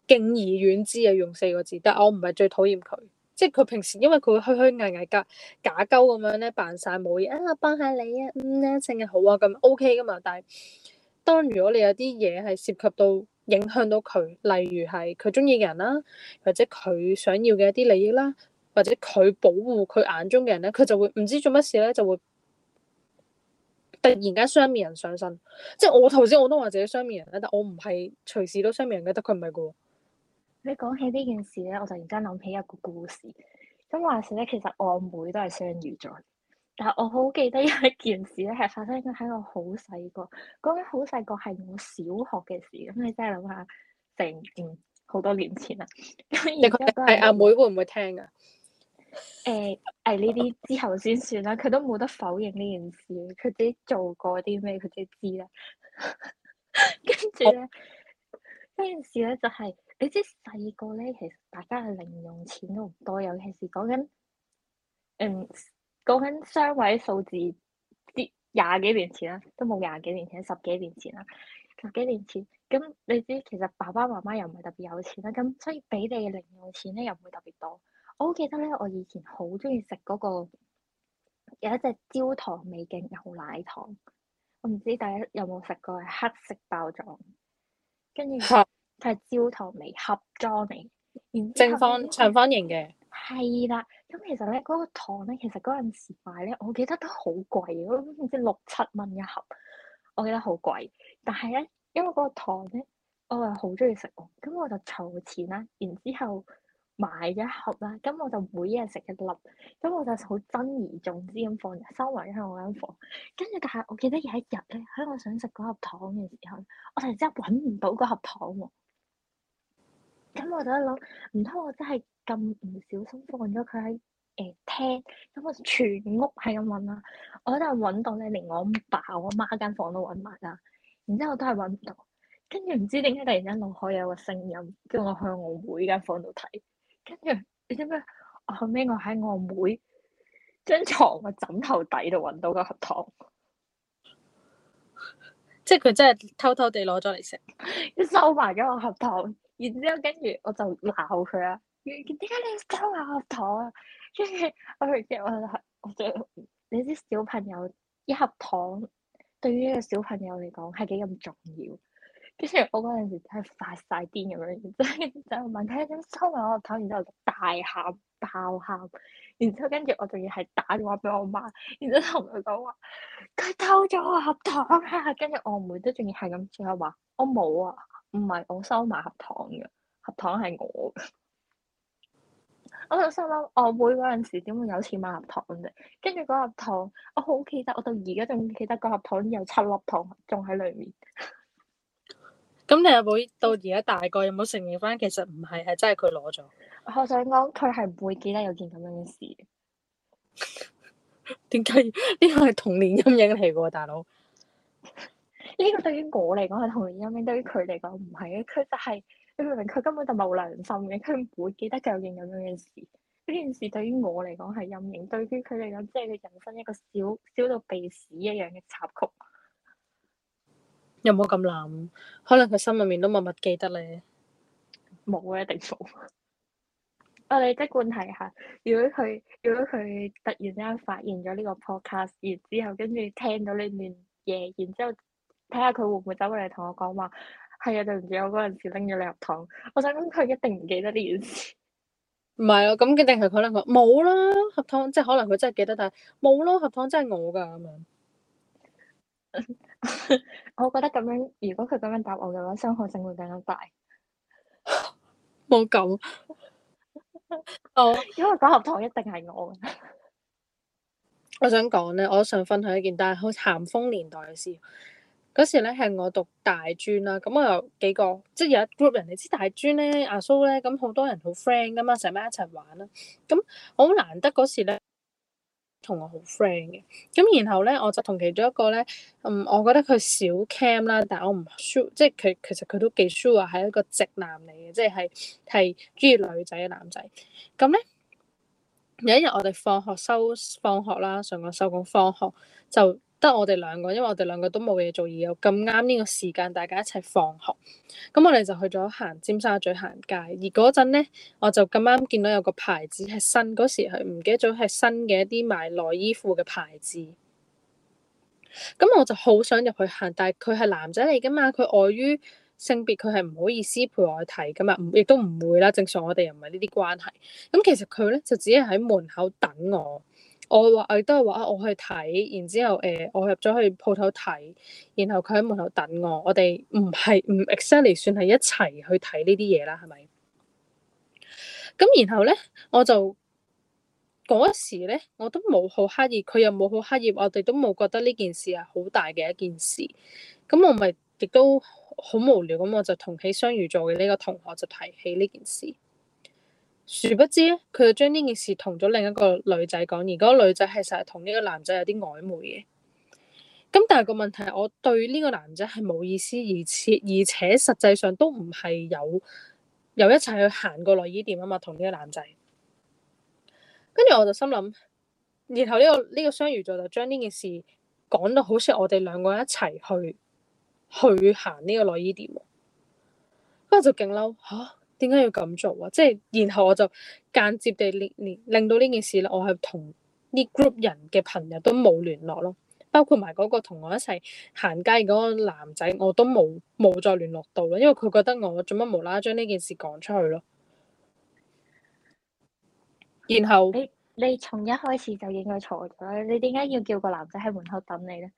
敬而遠之啊！用四個字，但係我唔係最討厭佢，即係佢平時因為佢會虛虛偽偽、假假鳩咁樣咧，扮晒冇嘢。啊，我幫下你啊，嗯啊，成日好啊，咁 O K 㗎嘛。但係當如果你有啲嘢係涉及到影響到佢，例如係佢中意嘅人啦，或者佢想要嘅一啲利益啦。或者佢保護佢眼中嘅人咧，佢就會唔知做乜事咧，就會突然間雙面人上身。即係我頭先我都話自己雙面人啦，但我唔係隨時都雙面人嘅，得佢唔係嘅。你講起呢件事咧，我就突然間諗起一個故事。咁話時咧，其實我阿妹，妹都係相遇咗，但係我好記得有一件事咧，係發生緊喺我好細個。講緊好細個係我小學嘅事，咁你真係諗下，成好、嗯、多年前啦。你覺得係阿妹會唔會聽啊？誒，誒呢啲之後先算啦。佢都冇得否認呢件事，佢自己做過啲咩，佢自己知啦。 跟住咧，呢，呢 件事咧就係、是、你知細個咧，其實大家嘅零用錢都唔多，尤其是講緊，嗯，講緊雙位數字，啲廿幾年前啦，都冇廿幾年前，十幾年前啦，十幾年前，咁你知其實爸爸媽媽又唔係特別有錢啦，咁所以俾你嘅零用錢咧又唔會特別多。我好記得咧，我以前好中意食嗰個有一隻焦糖味嘅牛奶糖。我唔知大家有冇食過，係黑色包裝，跟住佢係焦糖味盒裝味，然正方長方形嘅。係啦，咁其實咧嗰、嗰個糖咧，其實嗰陣時買咧，我記得都好貴，都唔知六七蚊一盒。我記得好貴，但係咧，因為嗰個糖咧，我係好中意食喎，咁我就儲錢啦，然之後，買咗一盒啦，咁我就每日食一粒，咁我就好珍而重之咁放，收埋喺我間房。跟住，但係我記得有一日咧，喺我想食嗰盒糖嘅時候，我突然之間揾唔到嗰盒糖喎。咁我就一諗，唔通我真係咁唔小心放咗佢喺誒廳？咁、欸、我全屋喺咁揾啦，我都係揾到你，連我爸、我媽間房都揾埋啦。然之後我都係揾唔到，跟住唔知點解突然間腦海有個聲音，叫我去我妹間房度睇。.跟住，你知唔知？後尾我喺我妹張床嘅枕頭底度揾到個盒糖， 即係佢真係偷偷地攞咗嚟食， 收埋咗個盒糖。然之後，跟住我就鬧佢啊！點解你要收埋盒糖啊？跟住我話，我話，我話，你啲小朋友一盒糖對於一個小朋友嚟講係幾咁重要。跟住我嗰陣時真係發晒癲咁樣，然之後就問佢：，點收埋我盒糖？，然之後大喊、爆喊，然之後跟住我仲要係打電話俾我媽，然之後同佢講話：佢偷咗我盒糖啊！跟住我妹都仲要係咁之後話：我冇啊，唔係我收埋盒糖嘅，盒糖係我嘅。我心諗我妹嗰陣時點會有錢買盒糖啫？跟住個盒糖，我好記得，我到而家仲記得個盒糖有七粒糖仲喺裏面。咁你有冇到而家大個有冇承認返？其實唔係，係真係佢攞咗。我想講，佢係唔會記得有件咁樣嘅事的。點解呢個係童年陰影嚟嘅喎，大佬？呢 個對於我嚟講係童年陰影，對於佢嚟講唔係。佢就係、是、你明明？佢根本就冇良心嘅，佢唔會記得有件咁樣嘅事。呢件事對於我嚟講係陰影，對於佢嚟講即係佢人生一個小小到鼻屎一樣嘅插曲。有冇咁諗？可能佢心裏面都默默記得你，冇啊，一定冇。我、 啊、你即管睇下，如果佢如果佢突然之間發現咗呢個 podcast，然之後跟住聽到呢段嘢，然之後睇下佢會唔會走過嚟同我講話？係、嗯、啊，對唔住，我嗰陣時拎咗你入堂。」我想講佢一定唔記得呢件事。唔係啊，咁佢定係可能佢冇啦，合堂即係可能佢真係記得，但係冇咯，合堂真係我噶咁樣。嗯 我覺得咁樣，如果佢咁樣答我嘅話，傷害性會更加大。冇 咁這，哦 因為講合同一定係我。 我想講咧，我想分享一件，但係好似咸豐年代嘅事。嗰時咧係我讀大專啦，咁我有幾個，即係有一 group 人哋知大專咧，阿蘇咧，咁好多人好 friend 噶嘛，成班一齊玩啦，咁好難得嗰時咧。同我好 friend 嘅，咁然後咧，我就同其中一個咧，嗯，我覺得佢少 cam 啦，但係我唔 sure，即係佢其實佢都幾 sure 啊，係一個直男嚟嘅，即係係係中意女仔嘅男仔。咁咧，有一日我哋放學收放學啦，上個收工放學就，得我哋兩個，因為我哋兩個都冇嘢做，而又咁啱呢個時間，大家一齊放學，咁我哋就去咗行尖沙咀行街。而嗰陣咧，我就咁啱見到有個牌子係新，嗰時係唔記得咗係新嘅一啲賣內衣褲嘅牌子。咁我就好想入去行，但係佢係男仔嚟㗎嘛，佢礙於性別，佢係唔好意思陪我去睇㗎嘛，亦都唔會啦。正常我哋又唔係呢啲關係。咁其實佢咧就只係喺門口等我。我話，我都係話，我去睇，然之後，誒、呃，我入咗去鋪頭睇，然後佢喺門口等我。我哋唔係唔 exactly 算係一齊去睇呢啲嘢啦，係咪？咁然後咧，我就嗰時咧，我都冇好刻意，佢又冇好刻意，我哋都冇覺得呢件事係好大嘅一件事。咁我咪亦都好無聊，咁我就同起雙魚座嘅呢個同學就提起呢件事。殊不知咧，佢就將呢件事同咗另一個女仔講，而嗰個女仔係成日同呢個男仔有啲曖昧嘅。咁但係個問題，我對呢個男仔係冇意思而，而且而且實際上都唔係有有一齊去行過內衣店啊嘛，同呢個男仔。跟住我就心諗，然後呢、這個呢、這個雙魚座就將呢件事講到好似我哋兩個人一齊去去行呢個內衣店，咁我就勁嬲吓。啊。點解要咁做啊？即係，然後我就間接地令到呢件事咧，我係同呢 group 人嘅朋友都冇聯絡咯，包括埋嗰個同我一齊行街嗰個男仔，我都冇冇再聯絡到咯，因為佢覺得我做乜無啦啦將呢件事講出去咯。然後你你從一開始就應該錯咗，你點解要叫個男仔喺門口等你咧？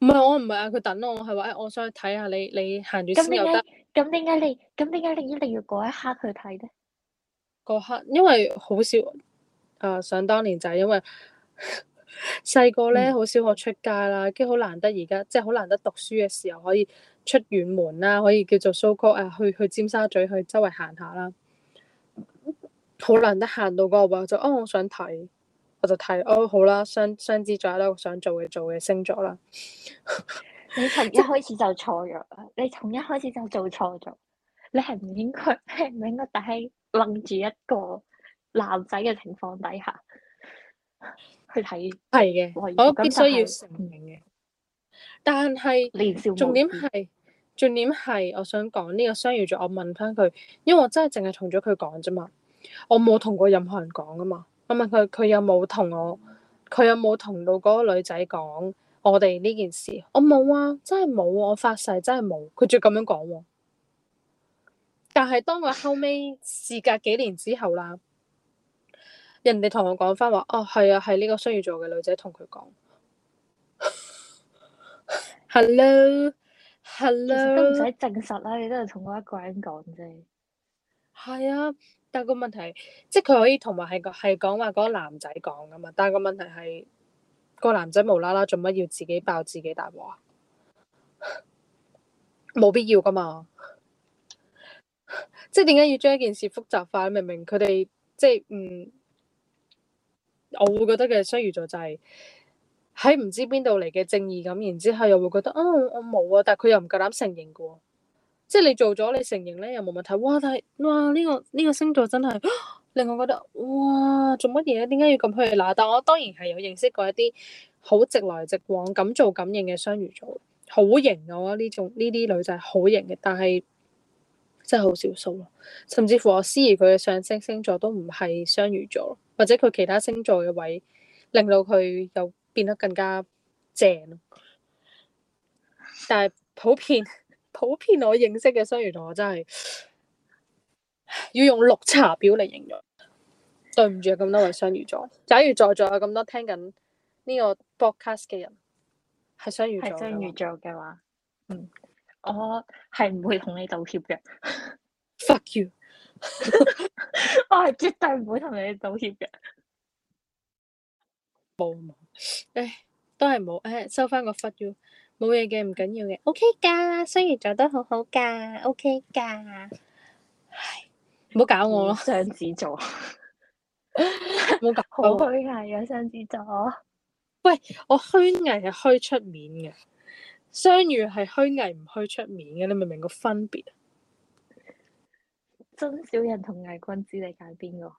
唔係我唔係啊！佢等我，我係話誒，我想去睇下你，你行住先又得。咁點解？咁點解你？咁點解你一定要嗰一刻去睇咧？嗰刻，因為好少啊、呃！想當年就係因為細個咧，好 少我出街啦，跟住好難得而家，即係好難得讀書嘅時候可以出遠門啦，可以叫做 show go 啊，去去尖沙咀去周圍行下啦。好難得行到嗰度就，哦，我想睇。我就睇哦，好啦，雙雙子座啦，我想做嘅做嘅星座啦。 你從一開始就錯咗啦，你從一開始就做錯咗，你係唔應該唔應該喺諗住一個男仔嘅情況底下去睇，係嘅，我必須要承認嘅。但係是重點係重點係，我想講呢、這個雙魚座，我問返佢，因為我真係淨係同咗佢講啫嘛，我冇同過任何人講㗎嘛。我問佢，佢有冇同我？佢有冇同到嗰個女仔講我哋呢件事？我冇啊，真係冇啊！我發誓真係冇、啊。佢仲咁樣講喎、啊。但係當佢後尾事 隔幾年之後啦，人哋同我講翻話：哦，係啊，係呢個雙魚座嘅女仔同佢講。Hello，Hello Hello?。其實都唔使證實啦，你都係同我一個人講啫。係啊。但係個問題，即係佢可以同埋係係講話嗰個男仔講噶嘛？但係個問題係、個男仔無啦啦做乜要自己爆自己大鑊，冇必要噶嘛？即係點解要將一件事複雜化？明明佢哋即係嗯，我會覺得嘅雙魚座就係喺唔知邊度嚟嘅正義感，然之後又會覺得啊、哦，我冇啊，但係佢又唔夠膽承認噶喎。即係你做咗，你承認咧又冇問題。哇！但係哇，呢個呢個星座真係令我覺得哇，做乜嘢？點解要咁去拿？但我當然係有認識過一啲好直來直往、敢做敢認嘅雙魚座，好型嘅話呢種呢啲女仔好型嘅，但係真係好少數咯。甚至乎我思怡佢嘅上升星座都唔係雙魚座，或者佢其他星座嘅位令到佢又變得更加正。但係普遍。普遍我認識嘅雙魚座，我真係要用綠茶婊嚟形容。對唔住咁多位雙魚座，假如在座有咁多聽緊呢個 podcast 嘅人係雙魚座，係雙魚座嘅話，嗯，我係唔會同你道歉嘅。Fuck you！ 我係絕對唔會同你道歉嘅。冇，唉、哎，都係冇，唉、哎，收翻個 fuck you。冇嘢嘅，唔緊要嘅。O K 嘅，雙魚做得好好噶，O K 嘅。唉，唔好搞我咯， 雙子座。唔好搞。好虛偽啊，雙子座。喂，我虛偽係虛出面嘅，雙魚係虛偽唔虛出面嘅，你明唔明個分別啊？真小人同偽君子，你揀邊個？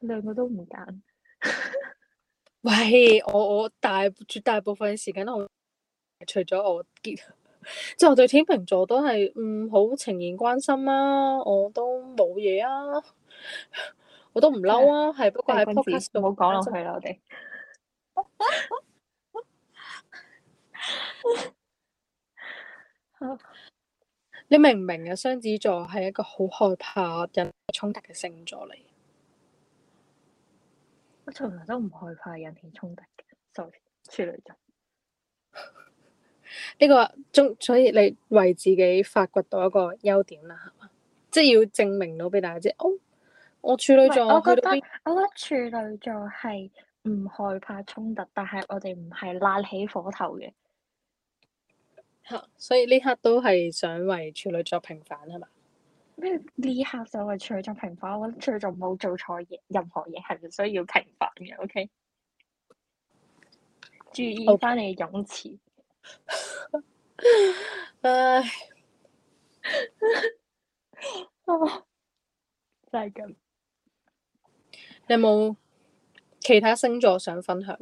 兩個都唔揀。 喂，我我，我大絕大部分時間都好。除咗我結，即 係我對天秤座都係唔好情願關心啦，我都冇嘢啊，我都唔嬲啊，係不過喺 podcast 唔好講落去啦，我哋。你明唔明啊？雙子座係一個好害怕引起衝突嘅星座嚟，我從來都唔害怕引起衝突嘅，sorry 處女座。開玩笑 呢、這個中所以你為自己發掘到一個優點啦，係嘛？即係要證明到俾大家知、哦，我處女座，我覺得我覺得處女座係唔害怕衝突，但係我哋唔係拉起火頭嘅。吓，所以呢刻都係想為處女座平反係嘛？咩呢刻就為處女座平反？我諗處女座冇做錯嘢，任何嘢係唔需要平反嘅。OK，, okay. 注意翻你用詞。 唉，哦、 啊，真係噉，有冇其他星座想分享？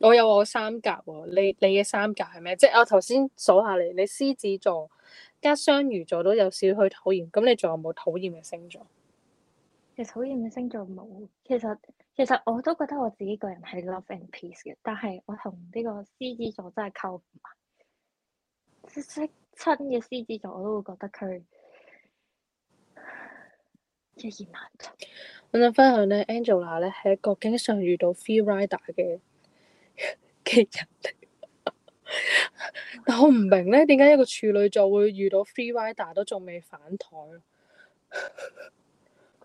我有我三格喎、哦，你你嘅三格係咩？即係我頭先數下你，你獅子座加雙魚座都有少少討厭，咁你仲有冇討厭嘅星座？其實討厭嘅星座冇，其實。其實我都覺得我自己個人係 love and peace 嘅，但係我同呢個獅子座真係溝唔埋，識親嘅獅子座我都會覺得佢一言難盡。我想分享咧，Angela 咧係一個經常遇到 free rider 嘅嘅人。 但係我唔明咧，點解一個處女座會遇到 free rider 都仲未反台？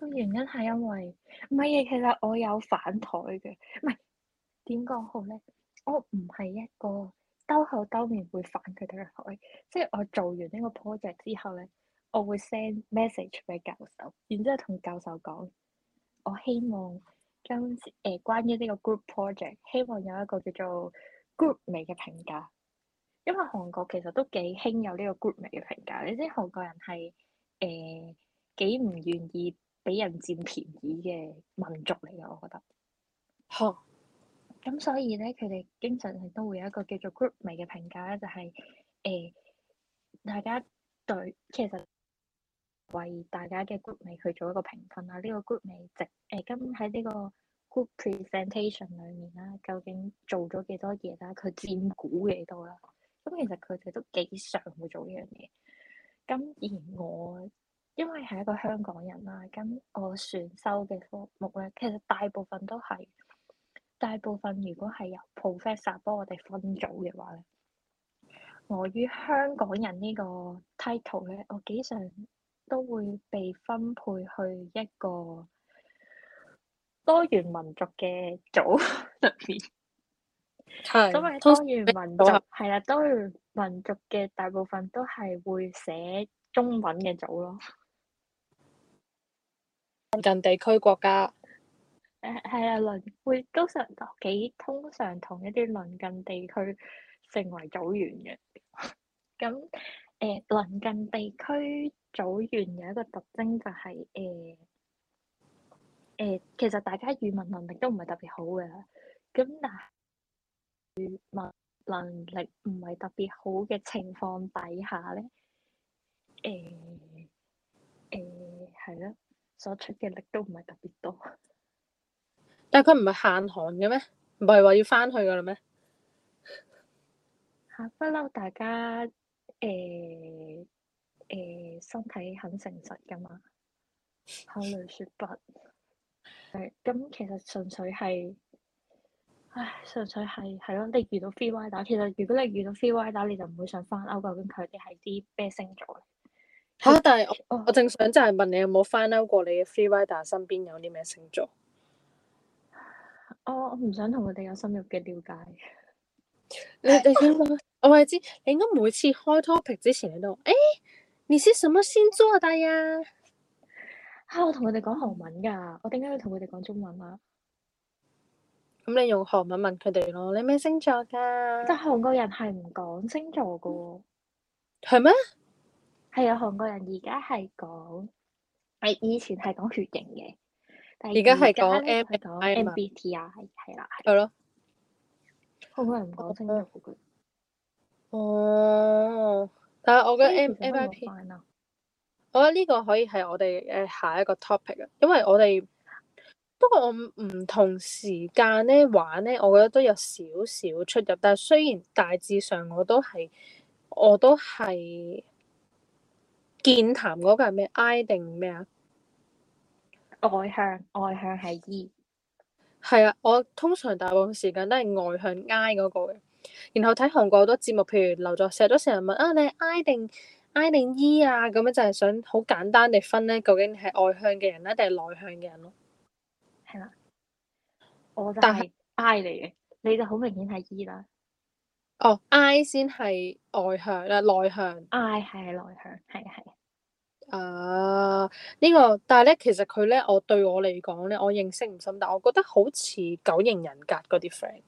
個原因係因為唔係，嘅，其實我有反台嘅，唔係點講好咧？我唔係一個兜口兜面會反佢哋嘅台，即係我做完呢個 project 之後咧，我會 send message 俾教授，然之後同教授講，我希望將誒、呃、關於呢個 group project，希望有一個叫做 group 味嘅評價，因為韓國其實都幾興有呢個 group 味嘅評價，你知韓國人係誒幾唔願意。俾人佔便宜嘅民族嚟嘅，我覺得。嚇呵！咁所以咧，佢哋經常係都會有一個叫做 group 味嘅評價咧，就係、是、誒、呃、大家對其實為大家嘅 group 味去做一個評分啊！呢、這個 group 味值誒，今喺呢個 group presentation 裡面啦，究竟做咗幾多嘢啦？佢佔股幾多啦？咁其實佢哋都幾常會做呢樣嘢。咁而我。因為係一個香港人啦，咁我選修嘅科目咧，其實大部分都係，大部分如果係由 professor 幫我哋分組嘅話咧，礙於香港人個呢個 title 咧，我幾常都會被分配去一個多元民族嘅組入面。係。因為多元民族係啦， 多元民族嘅大部分都係會寫中文嘅組咯。近地區國家，誒係啊，鄰、啊、會通常幾通常同一啲鄰近地區成為組員嘅。咁 誒，鄰、呃、近地區組員有一個特徵就係誒誒，其實大家語文能力都唔係特別好嘅。咁嗱，係語文能力唔係特別好嘅情況底下咧，誒誒係咯。呃所出嘅力都唔係特別多，但係佢唔係限韓嘅咩？唔係話要翻去噶啦咩？吓，不嬲，大家誒誒、欸欸、身體很誠實噶嘛，考慮說白係咁， 其實純粹係，唉，純粹係係咯。你遇到 free 打，其實如果你遇到 free 打，你就唔會想翻歐，究竟佢哋係啲咩星座？吓、啊！但係我我正想就係問你有冇 follow 過你嘅 freelancer 身邊有啲咩星座？Oh, 我我唔想同佢哋有深入嘅了解。 你你想啊？哦、我係知你,你應該每次開 topic 之前你都誒、欸，你是什麼星座嘅呀？吓、啊！我同佢哋講韓文噶，我點解要同佢哋講中文啊？咁你用韓文問佢哋咯，你咩星座噶？即係韓國人係唔講星座噶，係咩？ 係啊，韓國人而家係講，誒以前係講血型嘅，而家係講 M，講 MBTI 係啦，係咯。的韓國人唔講清楚嘅。哦、嗯，啊，我覺得 M M I P、啊。我覺得呢個可以係我哋誒下一個 topic 啊，因為我哋不過我唔同時間咧玩咧，我覺得都有少少出入，但係雖然大致上我都係我都係。健談嗰個係咩？I 定咩啊？外向，外向係 E。係啊，我通常大部分時間都係外向 I 嗰個嘅。然後睇韓國好多節目，譬如劉作成日都成日問啊，你係 I 定 I 定 E 啊？咁樣就係想好簡單地分咧，究竟係外向嘅人咧、啊，定係內向嘅人咯、啊。係啦，我就係 I 嚟嘅，你就好明顯係 E 啦。哦，I 先係外向啊，內向，I 係內向，係係。啊，呢個，但係咧，其實佢咧，我對我嚟講咧，我認識唔深，但我覺得好似九型人格嗰啲 friend。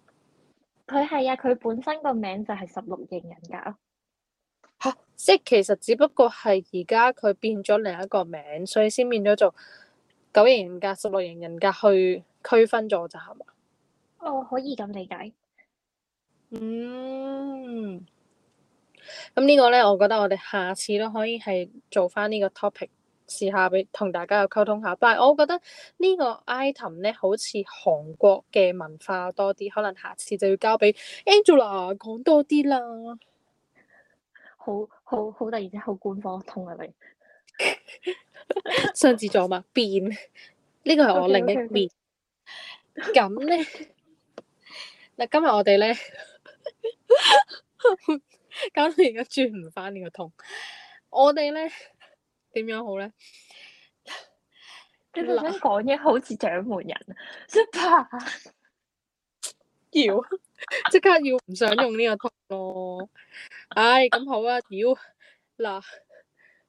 佢係啊，佢本身個名就係十六型人格啊。吓，即係其實只不過係而家佢變咗另一個名，所以先變咗做九型人格、十六型人格去區分咗就係嘛？哦，可以咁理解。嗯，咁呢個咧，我覺得我哋下次都可以係做翻呢個 topic，試下俾同大家又溝通下。但係我覺得呢個 item 咧，好似韓國嘅文化多啲，可能下次就要交俾 Angela 講多啲啦。好好好突然間好官方，同唔嚟雙子座嘛，變呢個係我另一邊。咁咧 Okay, okay.，嗱今日我哋咧。 搞到而家轉唔翻呢個通，我哋咧點樣好咧？你哋想講嘢好似掌門人，即 刻要即刻要唔想用呢個通咯。唉、哎，咁好啊，屌嗱，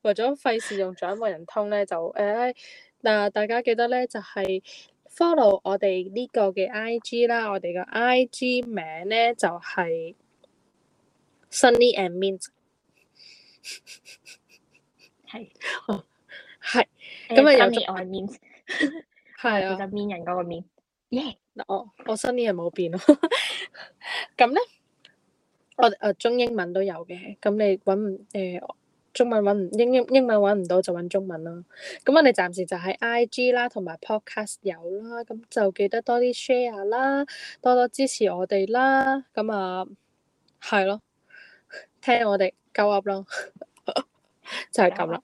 為咗費事用掌門人通咧，就誒嗱、哎，大家記得咧就係、是、follow 我哋呢個嘅 IG 啦，我哋嘅 IG 名咧就係、是。Sunny and Mint 係，係咁啊有咗係啊，就 mean 人嗰個 mean，耶！嗱我我 Sunny 係冇變咯。咁咧，我誒中英文都有嘅。咁你揾誒中文揾唔英英英文揾唔到就揾中文啦。咁我哋暫時就喺 IG 啦，同埋 podcast 有啦。咁就記得多啲 share 啦，多多支持我哋啦。咁啊，係咯。聽我哋勾噏咯， 就係咁啦。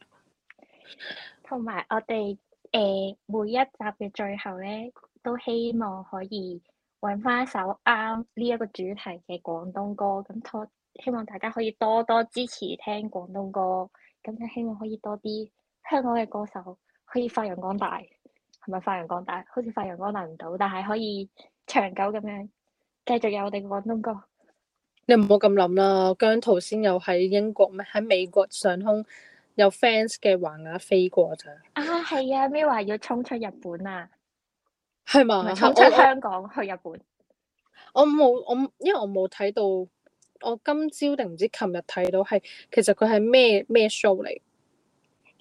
同埋我哋誒、呃，每一集嘅最後咧，都希望可以揾翻一首啱呢一個主題嘅廣東歌。咁多希望大家可以多多支持聽廣東歌，咁樣希望可以多啲香港嘅歌手可以發揚光大，係咪發揚光大？好似發揚光大唔到，但係可以長久咁樣繼續有我哋嘅廣東歌。你唔好咁諗啦，姜濤先有喺英國咩？喺美國上空有 fans 嘅橫額飛過咋？啊，係啊，咩話要衝出日本啊？係嘛嗎？衝出香港去日本？我冇我，因為我冇睇到我今朝定唔知琴日睇到係，其實佢係咩咩 show 嚟？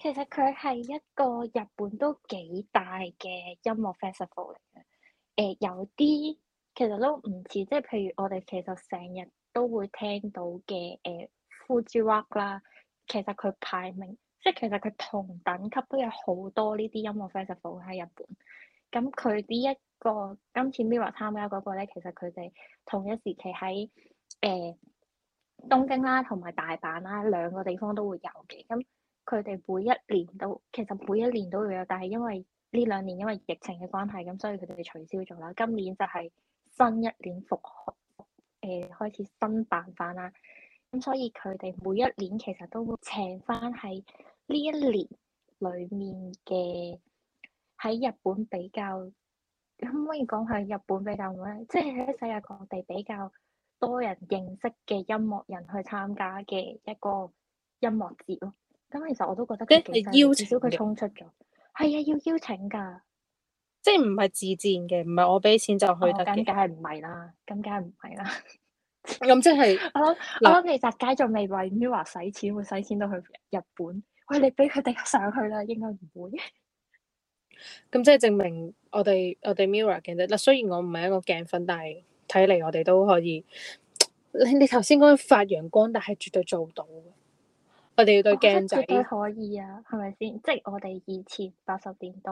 其實佢係一個日本都幾大嘅音樂 festival 嚟嘅，誒、呃，有啲其實都唔似，即係譬如我哋其實成日都會聽到嘅誒、呃、，Fuji Rock 啦，其實佢排名，即係其實佢同等級都有好多呢啲音樂 festival 喺日本。咁佢呢一個今次 Mira 參加嗰個咧，其實佢哋同一時期喺誒、呃、東京啦，同埋大阪啦兩個地方都會有嘅。咁佢哋每一年都其實每一年都會有，但係因為呢兩年因為疫情嘅關係，咁所以佢哋取消咗啦。今年就係新一年復學。誒開始新辦法啦，咁所以佢哋每一年其實都會請翻係呢一年裏面嘅喺日本比較，可唔可以講係日本比較咩？即係喺世界各地比較多人認識嘅音樂人去參加嘅一個音樂節咯。咁其實我都覺得幾幾，至少佢衝出咗。係啊，要邀請㗎。即係唔係自薦嘅，唔係我俾錢就去得嘅。咁梗係唔係啦，咁梗係唔係啦。咁即係我諗，我諗你澤佳仲未為 Mirror 使錢，會使錢到去日本。喂，你俾佢哋上去啦，應該唔會。咁即係證明我哋我哋 Mirror 鏡仔，嗱，雖然我唔係一個鏡粉，但係睇嚟我哋都可以。你你頭先講發揚光，但係絕對做到。我哋要對鏡仔。絕對可以啊，係咪先？即係我哋以前八十年代。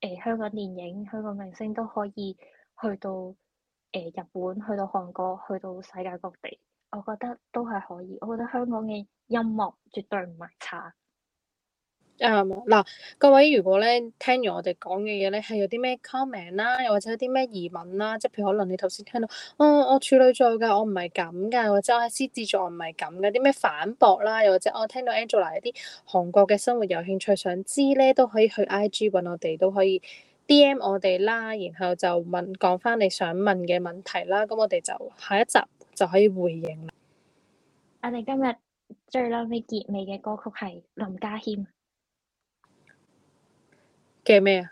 誒、呃，香港電影、香港明星都可以去到誒、呃、日本、去到韓國、去到世界各地，我覺得都係可以。我覺得香港嘅音樂絕對唔係差。誒嗱、um，各位如果咧聽完我哋講嘅嘢咧，係有啲咩 comment 啦，又或者有啲咩疑問啦，即係譬如可能你頭先聽到，哦，我處女座㗎，我唔係咁㗎，或者我係獅子座唔係咁㗎，啲咩反駁啦，又或者我、哦、聽到 Angela 有啲韓國嘅生活有興趣想知咧，都可以去 IG 揾我哋，都可以 DM 我哋啦，然後就問講翻你想問嘅問題啦，咁我哋就下一集就可以回應啦。我哋今日最嬲尾結尾嘅歌曲係林家謙。嘅咩啊？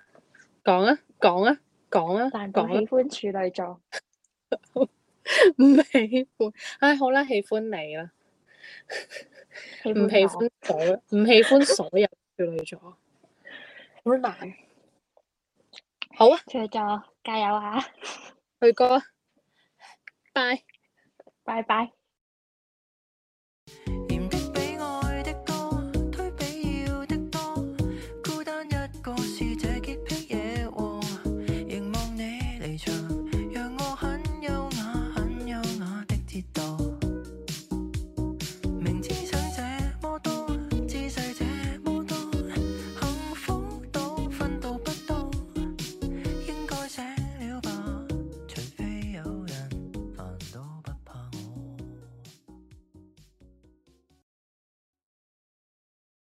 講啊，講啊，講啊，講。喜歡處女座，唔 喜歡。唉、哎，好啦，喜歡你啦。唔喜歡所，唔 喜歡所有處女座。好 難。好啊！處女座加油吓、啊， 去哥，拜拜拜。